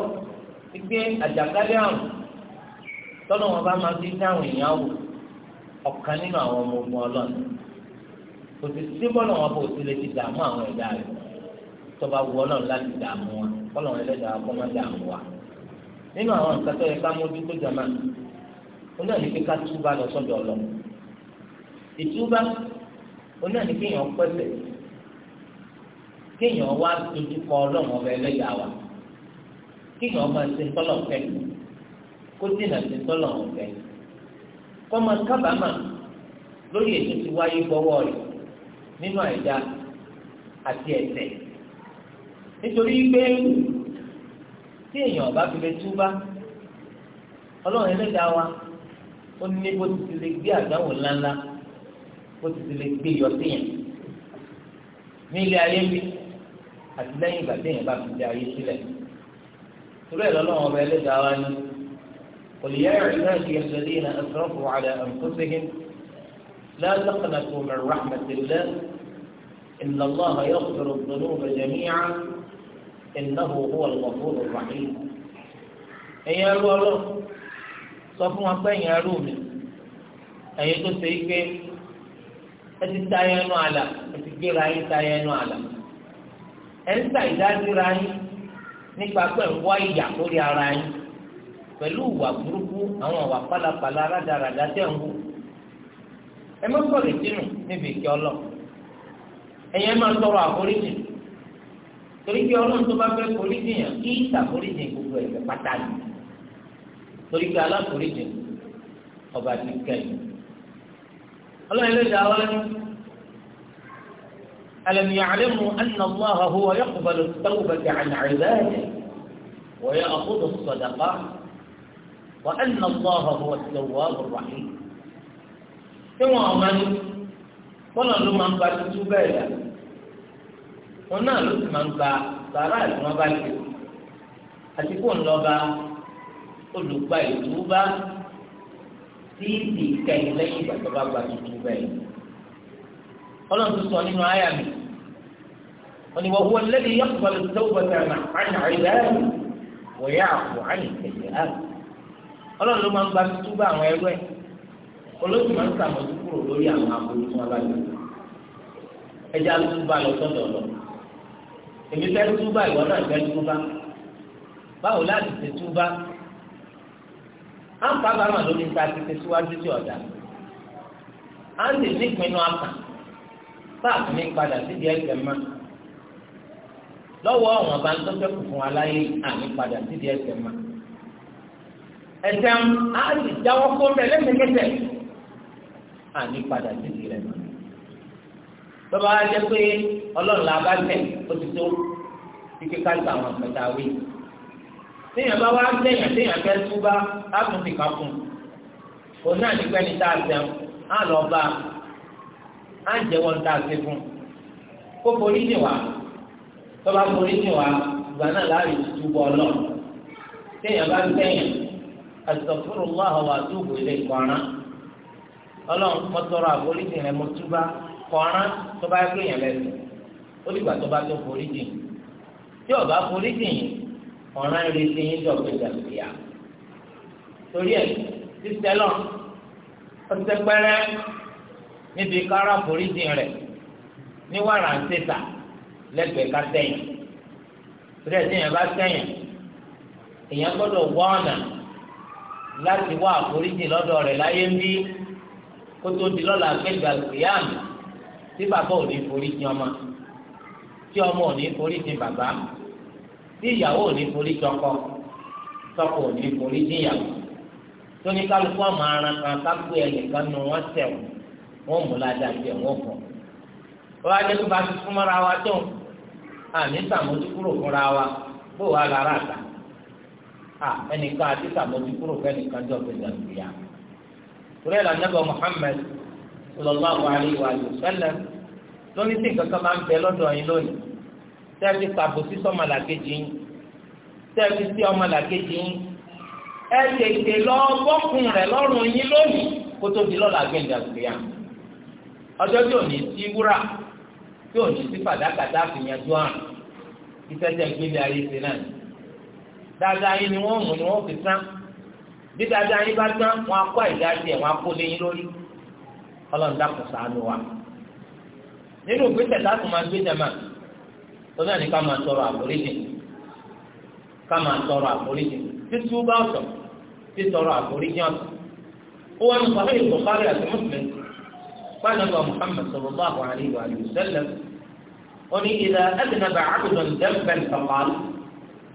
àjàkálẹ̀ àrùn bá máa fi dáhùn ìyàwó. ọ̀kan nínú àwọn ọmọ ogun ọlọ́ọ̀nà kò sì sí bọ́lọ̀ wọn bó o ti lè ti dààmú àwọn ẹ̀dá rẹ̀ tọba wù ọlọ́run láti dààmú wa ọlọ́run ẹlẹ́dàá kọ́ má dààmú wa nínú àwọn nǹkan tó yẹ ká mójútó jama oní àná pé ká túbà lọ sọ́dọ̀ ọlọ́ ìtúbà oní àná pé èèyàn pẹ̀sẹ̀ kéèyàn wá dojú kọ ọlọ́run ọba ẹlẹ́yà wa kéèyàn máa ṣe tọ́lọ̀ fẹ́ kó dènà kọ́mọ kábàámà lórí ètò ti wáyé gbọ́wọ́ rẹ̀ nínú àìdá àti ẹ̀ṣẹ̀ nítorí pé tí èèyàn bá fi lè túbá ọlọ́run ẹlẹ́dàá wa ó ní bó ti ti lè gbé àdánwò ńláńlá bó ti ti lè gbé yọ síyàn ní ilé ayé bí àti lẹ́yìn ìgbà tí èèyàn bá fi di ayé sílẹ̀ torí ẹ̀ lọ́lọ́run ọba ẹlẹ́dàá wa ní. قل يا عبادي الذين أسرفوا على أنفسهم لا تقنطوا من رحمة الله إن الله يغفر الذنوب جميعا إنه هو الغفور الرحيم أي الله صفوا عطين يا رومي أي تسيك أتتاين على أتتاين على أتتاين على أنت إذا تراني نكفى أقول وايا قولي على أنت pẹ̀lú ìwà burúkú àwọn ìwà pálapàla rádaràdá tẹ̀ ń wò ẹ má sọ̀rọ̀ ìdínú níbi ìkẹ́ ọlọ ẹ̀yẹ má tọrọ àforíjì torí pé ọlọ́run tó bá fẹ́ foríjì yàn kí ìtàforíjì gbogbo ẹ̀fẹ̀ pátá ni torí pé aláforíjì ọba ti kẹ́yìn ọlọ́run lè dá wa ní ألم يعلموا أن الله هو يقبل التوبة عن عباده ويأخذ wa anna Allaha huwa at-tawwabur rahim tí wọn ọmọ ní bọ́lá ló máa ń gba tuntun bẹ́ẹ̀ yá wọn náà ló sì máa ń gba sàrà àti wọn bá ti àti kó ń lọ bá olùgbà ìlú bá tí ìkẹyìn lẹ́yìn ìgbà tó bá gba tuntun bẹ́ẹ̀ ọlọ́run tó sọ nínú àyà mi wọ́n ni wọ́n wọ́n lẹ́yìn yọ̀kùnrin tó wọ́n tẹ̀ ẹ̀ máa ń àyè bẹ́ẹ̀ wọ́n yà àpò àyè kẹ̀yẹ́ àpò ọlọ́run ló máa ń gba tuntun bá àwọn ẹrú ẹ̀ olóòtú máa ń sàmójú kúrò lórí àwọn aburú tí wọ́n bá lò ẹjẹ́ alùpùpà lọ sọ́dọ̀ lọ èmi fẹ́ túbà ìwọ náà fẹ́ túbà báwo láti ṣe túbà à ń fàgbà mà lórí ta ti ṣe síwájú sí ọ̀dà à ń lè nípinnu apà báàkì ní padà sídìí ẹsẹ̀ mọ́ lọ́wọ́ ọ̀wọ́n bá ń tọ́jú fún wa àmì padà sídìí ẹsẹ̀ mọ́ ẹ̀sẹ̀ á sì jáwọ́ kó bẹ̀ lẹ́sẹ̀kẹsẹ̀ àní padà títí rẹ̀ tọ́ba á jẹ́ pé ọlọ́run la bá tẹ̀ ó ti tó kíkẹ́ ká gba àwọn àpẹta wí téèyàn bá wá tẹ̀yàn téèyàn fẹ́ túbá á tún fi kà fún un òun náà ní pẹ́ni tá a sẹ́wọ̀n á lọ bá a á jẹ́wọ́ ní tá a ṣe fún un kó forí ní wa tọ́ba forí ní wa ìgbà náà láàrin túbọ̀ ọlọ́run téèyàn bá tẹ̀yàn astaghfirullah wa atubu ilayhi kọ́ran ọlọ́run mo tọrọ àforíjì rẹ mo túbá kọ́ran tó bá gbé yẹn lẹ́sìn ó dìgbà tó bá tó foríjì tí ó bá foríjì yìí ọ̀ràn ìrètí yín jọ pé jàǹdíà torí ẹ̀ sísẹ́lọ̀ ọ̀sẹ̀pẹ̀rẹ̀ níbi kára foríjì rẹ̀ ní wàrà ń tètà ká sẹ́yìn torí ẹ̀ tí yẹn bá sẹ́yìn èèyàn gbọ́dọ̀ wọ́ ọ̀nà láti wá àforíjì lọ́dọ̀ rẹ̀ láyé ń bí kó tó di lọ́la gbẹ̀gbà gbìyàmù tí bàbá ò ní foríjì ọmọ tí ọmọ ò ní foríjì bàbá tí ìyàwó ò ní foríjì ọkọ tọkọ ò ní foríjì ìyàwó tó ní kálukú ọmọ aran kan kápẹ́ ẹnìkan nu wọ́n tẹ̀ wọ́n mú ládàá tiẹ̀ wọ́n fọ̀ wọ́n á jẹ́ kó bá ti súnmọ́ra wa tó àmì sàmójúkúrò fúnra wa bó wà lára àtàkùn ẹnìkan àti sàmójú kúrò fẹ́nìkan jọ gbẹdẹ ìgbìyà. torí ẹ̀la nàbà Muhammad sallallahu alayhi wa sallam lórí sí nǹkan kan máa ń bẹ lọ́dọ̀ yín lónìí tẹ́ẹ̀tì pàbò sí sọ́mọlàkejì yín tẹ́ẹ̀tì sí ọmọlàkejì yín ẹ tètè lọ bọ́kùn rẹ̀ lọ́rùn yín lónìí kó tó di lọ́la gbẹ̀dẹ̀ ìgbìyà. ọjọ́ tí ò ní sí wúrà tí ò ní sí fàdákàtà àfìyànjú àrùn ìfẹsẹ̀ gbélé dáadáa yín ni wọ́n mú ni wọ́n fi tán bí dáadáa yín bá tán wọ́n akó àìdá tiẹ̀ wọ́n akó léyìn lórí ọlọ́run dákun ṣàánú wa nínú ìgbésẹ̀ láti máa gbé jẹ̀mà tó náà ní ká máa tọrọ àforíjì ká máa tọrọ àforíjì títú bá ọ̀tọ̀ títọrọ àforíjì ọ̀tọ̀ ó wà ní sahih Bukhari àti Muslim pàdánù Muhammad sallallahu alaihi wa sallam ó ní idha adnaba 'abdan dhanban faqala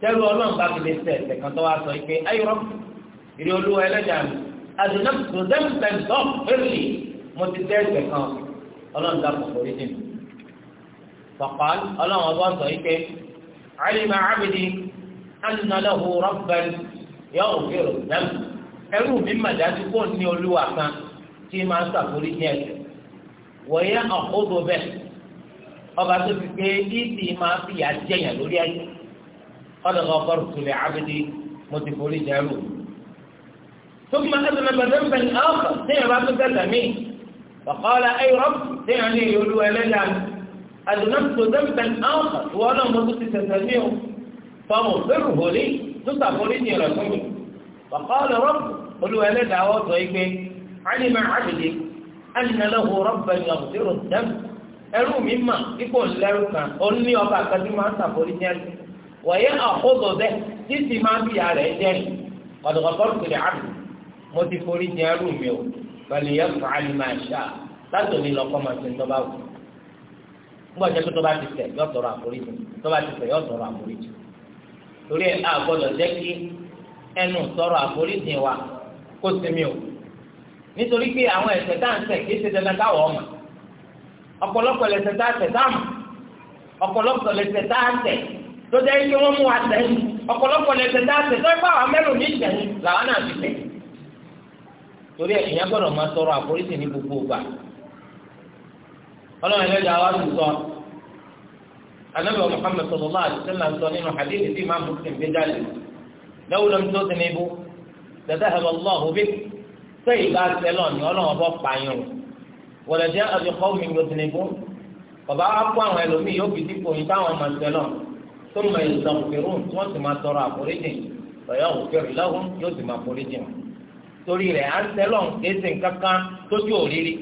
tẹ́lu ọlọ́run bá fi lè tẹ̀ ẹ̀sẹ̀ kan tó wá sọ pé ayọ̀rọ̀ ìrì olúwa ẹlẹ́dà mi àdùnnà tòzẹ́mùtẹ̀ntọ́ fẹ́rẹ̀lì mo ti tẹ́ ẹ̀sẹ̀ kan ọlọ́run dàpọ̀ lórí dì mí. pàpà ọlọ́run ọba sọ pé alima abidi annalahu rabban yóò fèrò dẹ́m ẹrú mi mà dájú kó ní olúwa kan tí máa sàkórí ní ẹ̀sẹ̀ wọ̀nyẹ́ ọ̀kọ́dọ̀ bẹ́ẹ̀ ọba tó fi pé ìdí máa fi yà jẹyàn lórí ẹ̀sẹ̀ ọ̀dọ̀ kan kọ́ tulẹ̀ abidi ثم أذن بذنب آخر سيرا بسلمي فقال أي رب سيرني يلوى لنا أذنبت ذنبا آخر وأنا مضت تسميه فمغفره لي تصفرني رسولي فقال رب قلوا لنا وطيك علم عبدي أن له ربا يغفر الذنب ẹrú mi يكون kíkò lẹ́rù kan ó ní لي wọ̀nyẹ́ àkóso bẹ́ẹ̀ títí máa ń bìyà rẹ̀ jẹ́ ni ọ̀dọ̀kọ̀tọ̀ kiri àbù mo ti forí jẹ ẹrú mi o pẹ̀lú yẹn fún alimá ṣá láti òní lọ́kọ́ máa ti tọ́ bá wù ńgbọ̀jẹ́ pé tó bá ti tẹ̀ yọ tọrọ àforíjì tó bá ti tẹ̀ yọ tọrọ àforíjì torí ẹ àgbọ́dọ̀ jẹ́ kí ẹnu sọ̀rọ̀ àforíjì wa kó sinmi o nítorí pé àwọn ẹ̀ṣẹ̀ tá à ń ṣẹ̀ kì ṣe dandan káwọ ọmọ ọ̀pọ̀lọpọ̀ lẹ̀ṣẹ̀ tá à ń ṣẹ̀ tó jẹ́ ike wọ́n mú wa sẹ́yìn ọ̀pọ̀lọpọ̀ lẹ́sẹ̀ tá a sẹ̀ tó ẹgbẹ́ àwọn mẹ́rin ní ìsẹ̀yìn làwọn náà ti sẹ́yìn. torí ẹ̀ ìyẹn gbọ́dọ̀ máa tọrọ àforíjì ní gbogbo ìgbà ọlọ́run ẹlẹ́dàá wa ti sọ anabi muhammed sallallahu alaihi wasallam sọ nínú hadithi tí imam muslim gbé jáde lẹ́wọ́n lọ́mú tó ti ní ibú tẹ̀sẹ̀ ẹ̀rọ ọlọ́run bí sẹ́yìn bá ثم يستغفرون ثم ما ترى فريجين فيغفر لهم يوسف فريجين torí rẹ̀ à ń sẹ́lọ̀ kéésì kankan tójú òrírí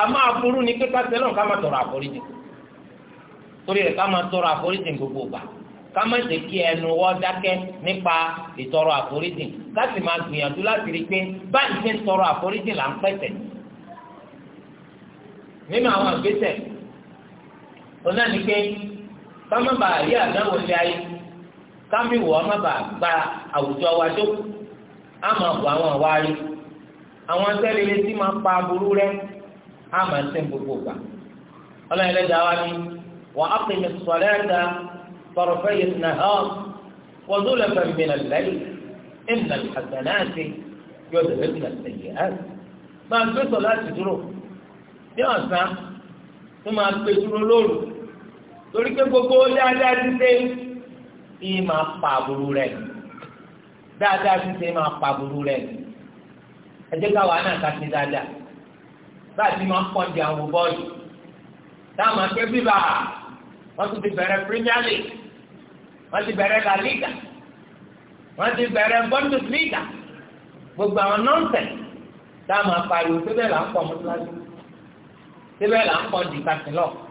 a máa burú ni pé ká sẹ́lọ̀ ká máa tọrọ àforíjì torí rẹ̀ ká máa tọrọ àforíjì gbogbo gbà ká má ṣe kí ẹnu wọ́n dákẹ́ nípa ìtọrọ àforíjì ká sì máa gbìyànjú láti rí i pé báyìí ṣe ń tọrọ àforíjì là ń pẹ̀tẹ̀ nínú àwọn àgbésẹ̀ ọ̀nà ni pé ká má bàa rí àdáwọ̀ ilé ayé ká mi wọ̀ ọ́ má bàa gba àwùjọ wa tó á máa bọ̀ àwọn àwárí àwọn sẹ́lẹ̀lẹ̀ tí máa pa aburú rẹ á máa sẹ́ gbogbo gbà ọlọ́run ẹlẹ́dàá wa ni wà á pè mí sọ̀rọ̀ ẹ̀dá sọ̀rọ̀ fẹ́ yìí nà hàn wọ́n tó lè fẹ́ mi nà lẹ́yìn ìnà àgbẹ̀náàtì yóò dẹ̀rẹ́ mi nà sẹ́yìn ẹ̀ máa gbé sọ láti dúró ní lóru torí pé gbogbo dáadáa ti ṣe ìyí máa pa àbúrú rẹ̀ dáadáa ti ṣe máa pa àbúrú rẹ̀ ẹ jẹ́ káwa náà ká ti dáadáa láti máa pọ́n di àwọn bọ́ọ̀lù táwọn akẹ́ bíbà wọ́n ti bẹ̀rẹ̀ Premier League wọ́n ti bẹ̀rẹ̀ La Liga wọ́n ti bẹ̀rẹ̀ Liga. gbogbo àwọn nọ́ọ̀sẹ̀ táwọn apariwo síbẹ̀ là ń pọ̀ mọ́tíláṣí síbẹ̀ là ń pọ̀ dìkàtì lọ́ọ̀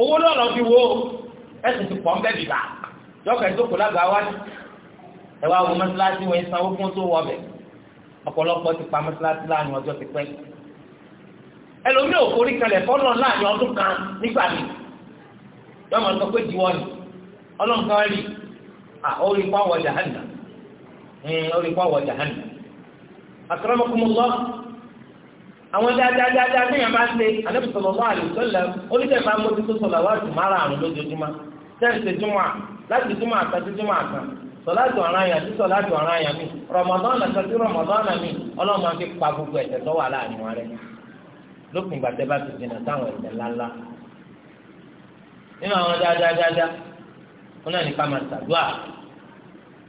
owó lọ́lọ́ fi wo ẹ̀sùn ti pọ̀ ń bẹ́ẹ̀ bìbà yọkọ̀ ìjókòó lágbàá wá ẹ wá wo mọ́sálásí wọn ìsanwó fún tó wọ ọbẹ̀ ọ̀pọ̀lọpọ̀ ti pa mọ́sálásí láàrin ọjọ́ ti pẹ́ ẹlòmíì ò forí kalẹ̀ fọ́nà láàrin ọdún kan nígbà mi yọmọ sọ pé diwọ́ ni ọlọ́run kan rí à orí pàwọ̀ jahanna orí pàwọ̀ jahanna akramakumullah àwọn dáadáa téèyàn bá ṣe Ànábì sallallahu alaihi wasallam oníṣẹ́ bá mójú tó sọ̀lá wá jù mára àrùn lójoojúmọ́ tẹ́sí júmọ́ láti júmọ́ àtàtí júmọ́ àtàn sọ̀láàtù ọ̀ranyàn sí sọ̀láàtù ọ̀ranyàn mi Ramadan àtàtí Ramadan mi Ọlọ́run máa fi pa gbogbo ẹ̀ṣẹ̀ tó wà láàrin wọn rẹ̀ lópin ìgbà tẹ́ bá ti dènà táwọn ẹ̀ṣẹ̀ ńláńlá nínú àwọn dáadáa wọn náà ní ká máa ṣàdúà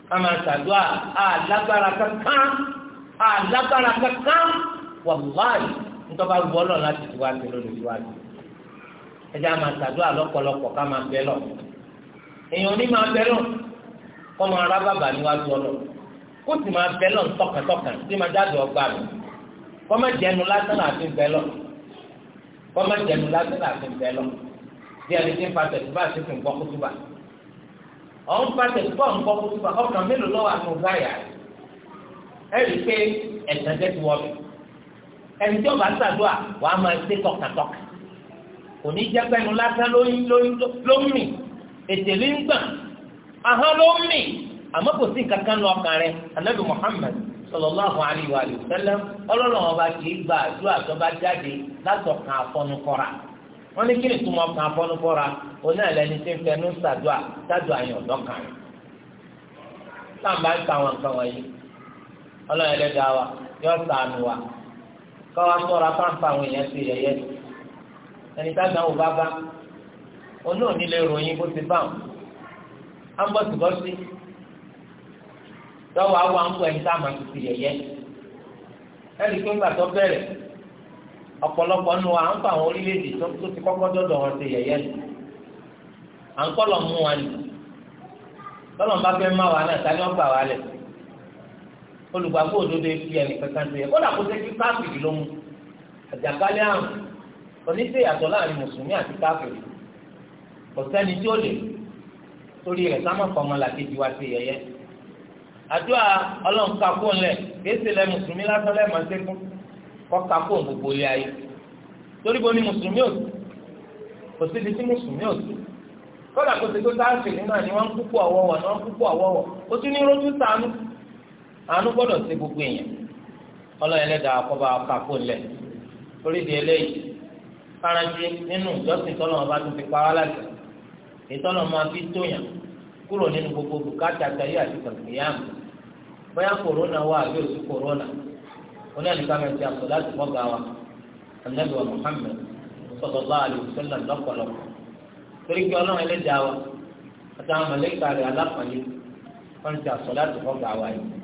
ká máa ṣàdúà àlágbára kankan àlágbára kankan wàláì ntọ́ba wù ọlọ́run láti ti wá sí lórí ìwádìí ẹjẹ àmà ṣàdúrà lọ́pọ̀lọpọ̀ ká máa bẹ́ lọ èèyàn ní máa bẹ́ lọ kọ́ máa rá bàbà níwájú ọlọ kó sì máa bẹ́ lọ tọkàntọkàn sí máa dáàbò ọgbà mi kọ́ máa jẹnu lásán àti bẹ́ lọ kọ́ máa jẹnu lásán àti bẹ́ lọ bí ẹni tí ń fa tẹ̀síbà sí fún gbọ́ kútùbà ọ̀hún fa tẹ̀síbà ń gbọ́ kútùbà ọkàn mélòó lọ́wọ́ àti ọgbà yàrá ẹ̀rí pé ẹ̀sán jẹ́ ti wọ́ mi ẹni tí ọba ṣàdúrà wà á máa ṣe tọkàtọkà kò ní jẹ́ pẹ́nu lásán ló ń mì ètè ló ń gbà ahọ́n ló ń mì àmọ́ kò sí nǹkan kan lọ ọkàn rẹ̀ anabi Muhammad sallallahu alayhi wa sallam ọlọ́run ọba kì í gba àdúrà tó bá jáde látọkàn afọnukọra wọn ní kí ni túmọ̀ ọkàn afọnukọra oní àlẹni tí ń fẹnu ṣàdúrà ṣàdúrà yẹn ọ̀dọ́kàn rẹ̀ táwọn bá ń ta àwọn nǹkan wọ̀nyí ọlọ́run ẹlẹ́dàá wa yọ káwá sọ̀rọ̀ apáǹpá àwọn èèyàn ti yẹ̀yẹ́ ẹni tágbà wò bá bá onú òní lè ròyìn bó ti bá wọn á ń bọ̀ síbọ̀ sí àwọn ẹni tá a máa ti yẹ̀yẹ́ ẹni pé ńgbà tó bẹ̀rẹ̀ ọ̀pọ̀lọpọ̀ nu wa à ń àwọn orílẹ̀-èdè tó ti kọ́kọ́ wọn olùgbàgbọ́ òdodo fi ẹnìkan kan ṣe yẹ kódà kó ṣe kí káfíìrì ló mú àjàkálẹ̀ àrùn oníṣẹ́ ìyàtọ̀ láàrin mùsùlùmí àti káfíìrì kò sẹ́ni tí ó lè torí rẹ̀ sámọ̀ fọmọ làkejì wa ṣe yẹ̀yẹ́ àdúrà ọlọ́run kakó ńlẹ̀ kéésì lẹ mùsùlùmí lásán lẹ́ẹ̀mọ́ sẹ́kún kọ́ kakó gbogbo ilé ayé torí bo ni mùsùlùmí ò kò síbi tí mùsùlùmí ò sí kódà kó ṣe kó káfíìrì náà ni wọ́n ń kúkú àwọ̀wọ̀ ni wọ́n ń àánú gbọ́dọ̀ sí gbogbo èèyàn ọlọ́run ẹlẹ́dàá akọ́bá kakó lẹ̀ torí di eléyìí kárántí nínú ìjọsìn tọ́lọ́run bá tún ti pa láti ìtọ́lọ́run máa fi tóyàn kúrò nínú gbogbo bùkátà tayé àti kàkìyàmù bóyá kòrónà wà àbí òsì kòrónà láti wa anabi wa Muhammad sallallahu alaihi torí pé ọlọ́run ẹlẹ́dàá wa àtàwọn ti láti wa yìí.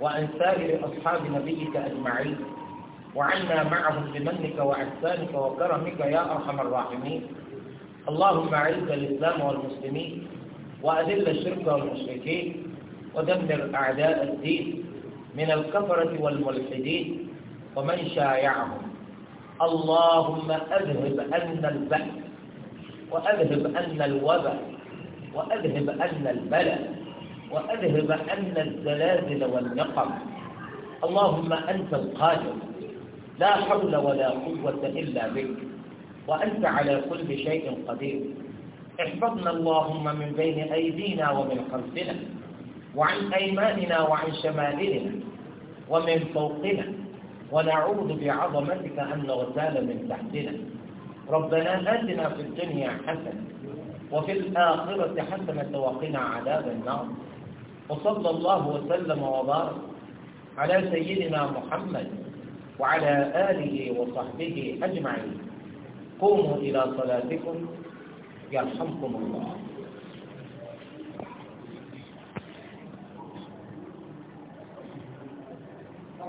وعن سائر أصحاب نبيك أجمعين وعنا معهم بمنك وإحسانك وكرمك يا أرحم الراحمين اللهم أعز الإسلام والمسلمين وأذل الشرك والمشركين ودمر أعداء الدين من الكفرة والملحدين ومن شايعهم اللهم أذهب أن البأس وأذهب أن الوباء وأذهب أن البلد وأذهب عنا الزلازل والنقم اللهم أنت القادر لا حول ولا قوة إلا بك وأنت على كل شيء قدير احفظنا اللهم من بين أيدينا ومن خلفنا وعن أيماننا وعن شمالنا ومن فوقنا ونعوذ بعظمتك أن نغتال من تحتنا ربنا آتنا في الدنيا حسنة وفي الآخرة حسنة وقنا عذاب النار وصلى الله وسلم وبارك على سيدنا محمد وعلى آله وصحبه أجمعين قوموا إلى صلاتكم يرحمكم الله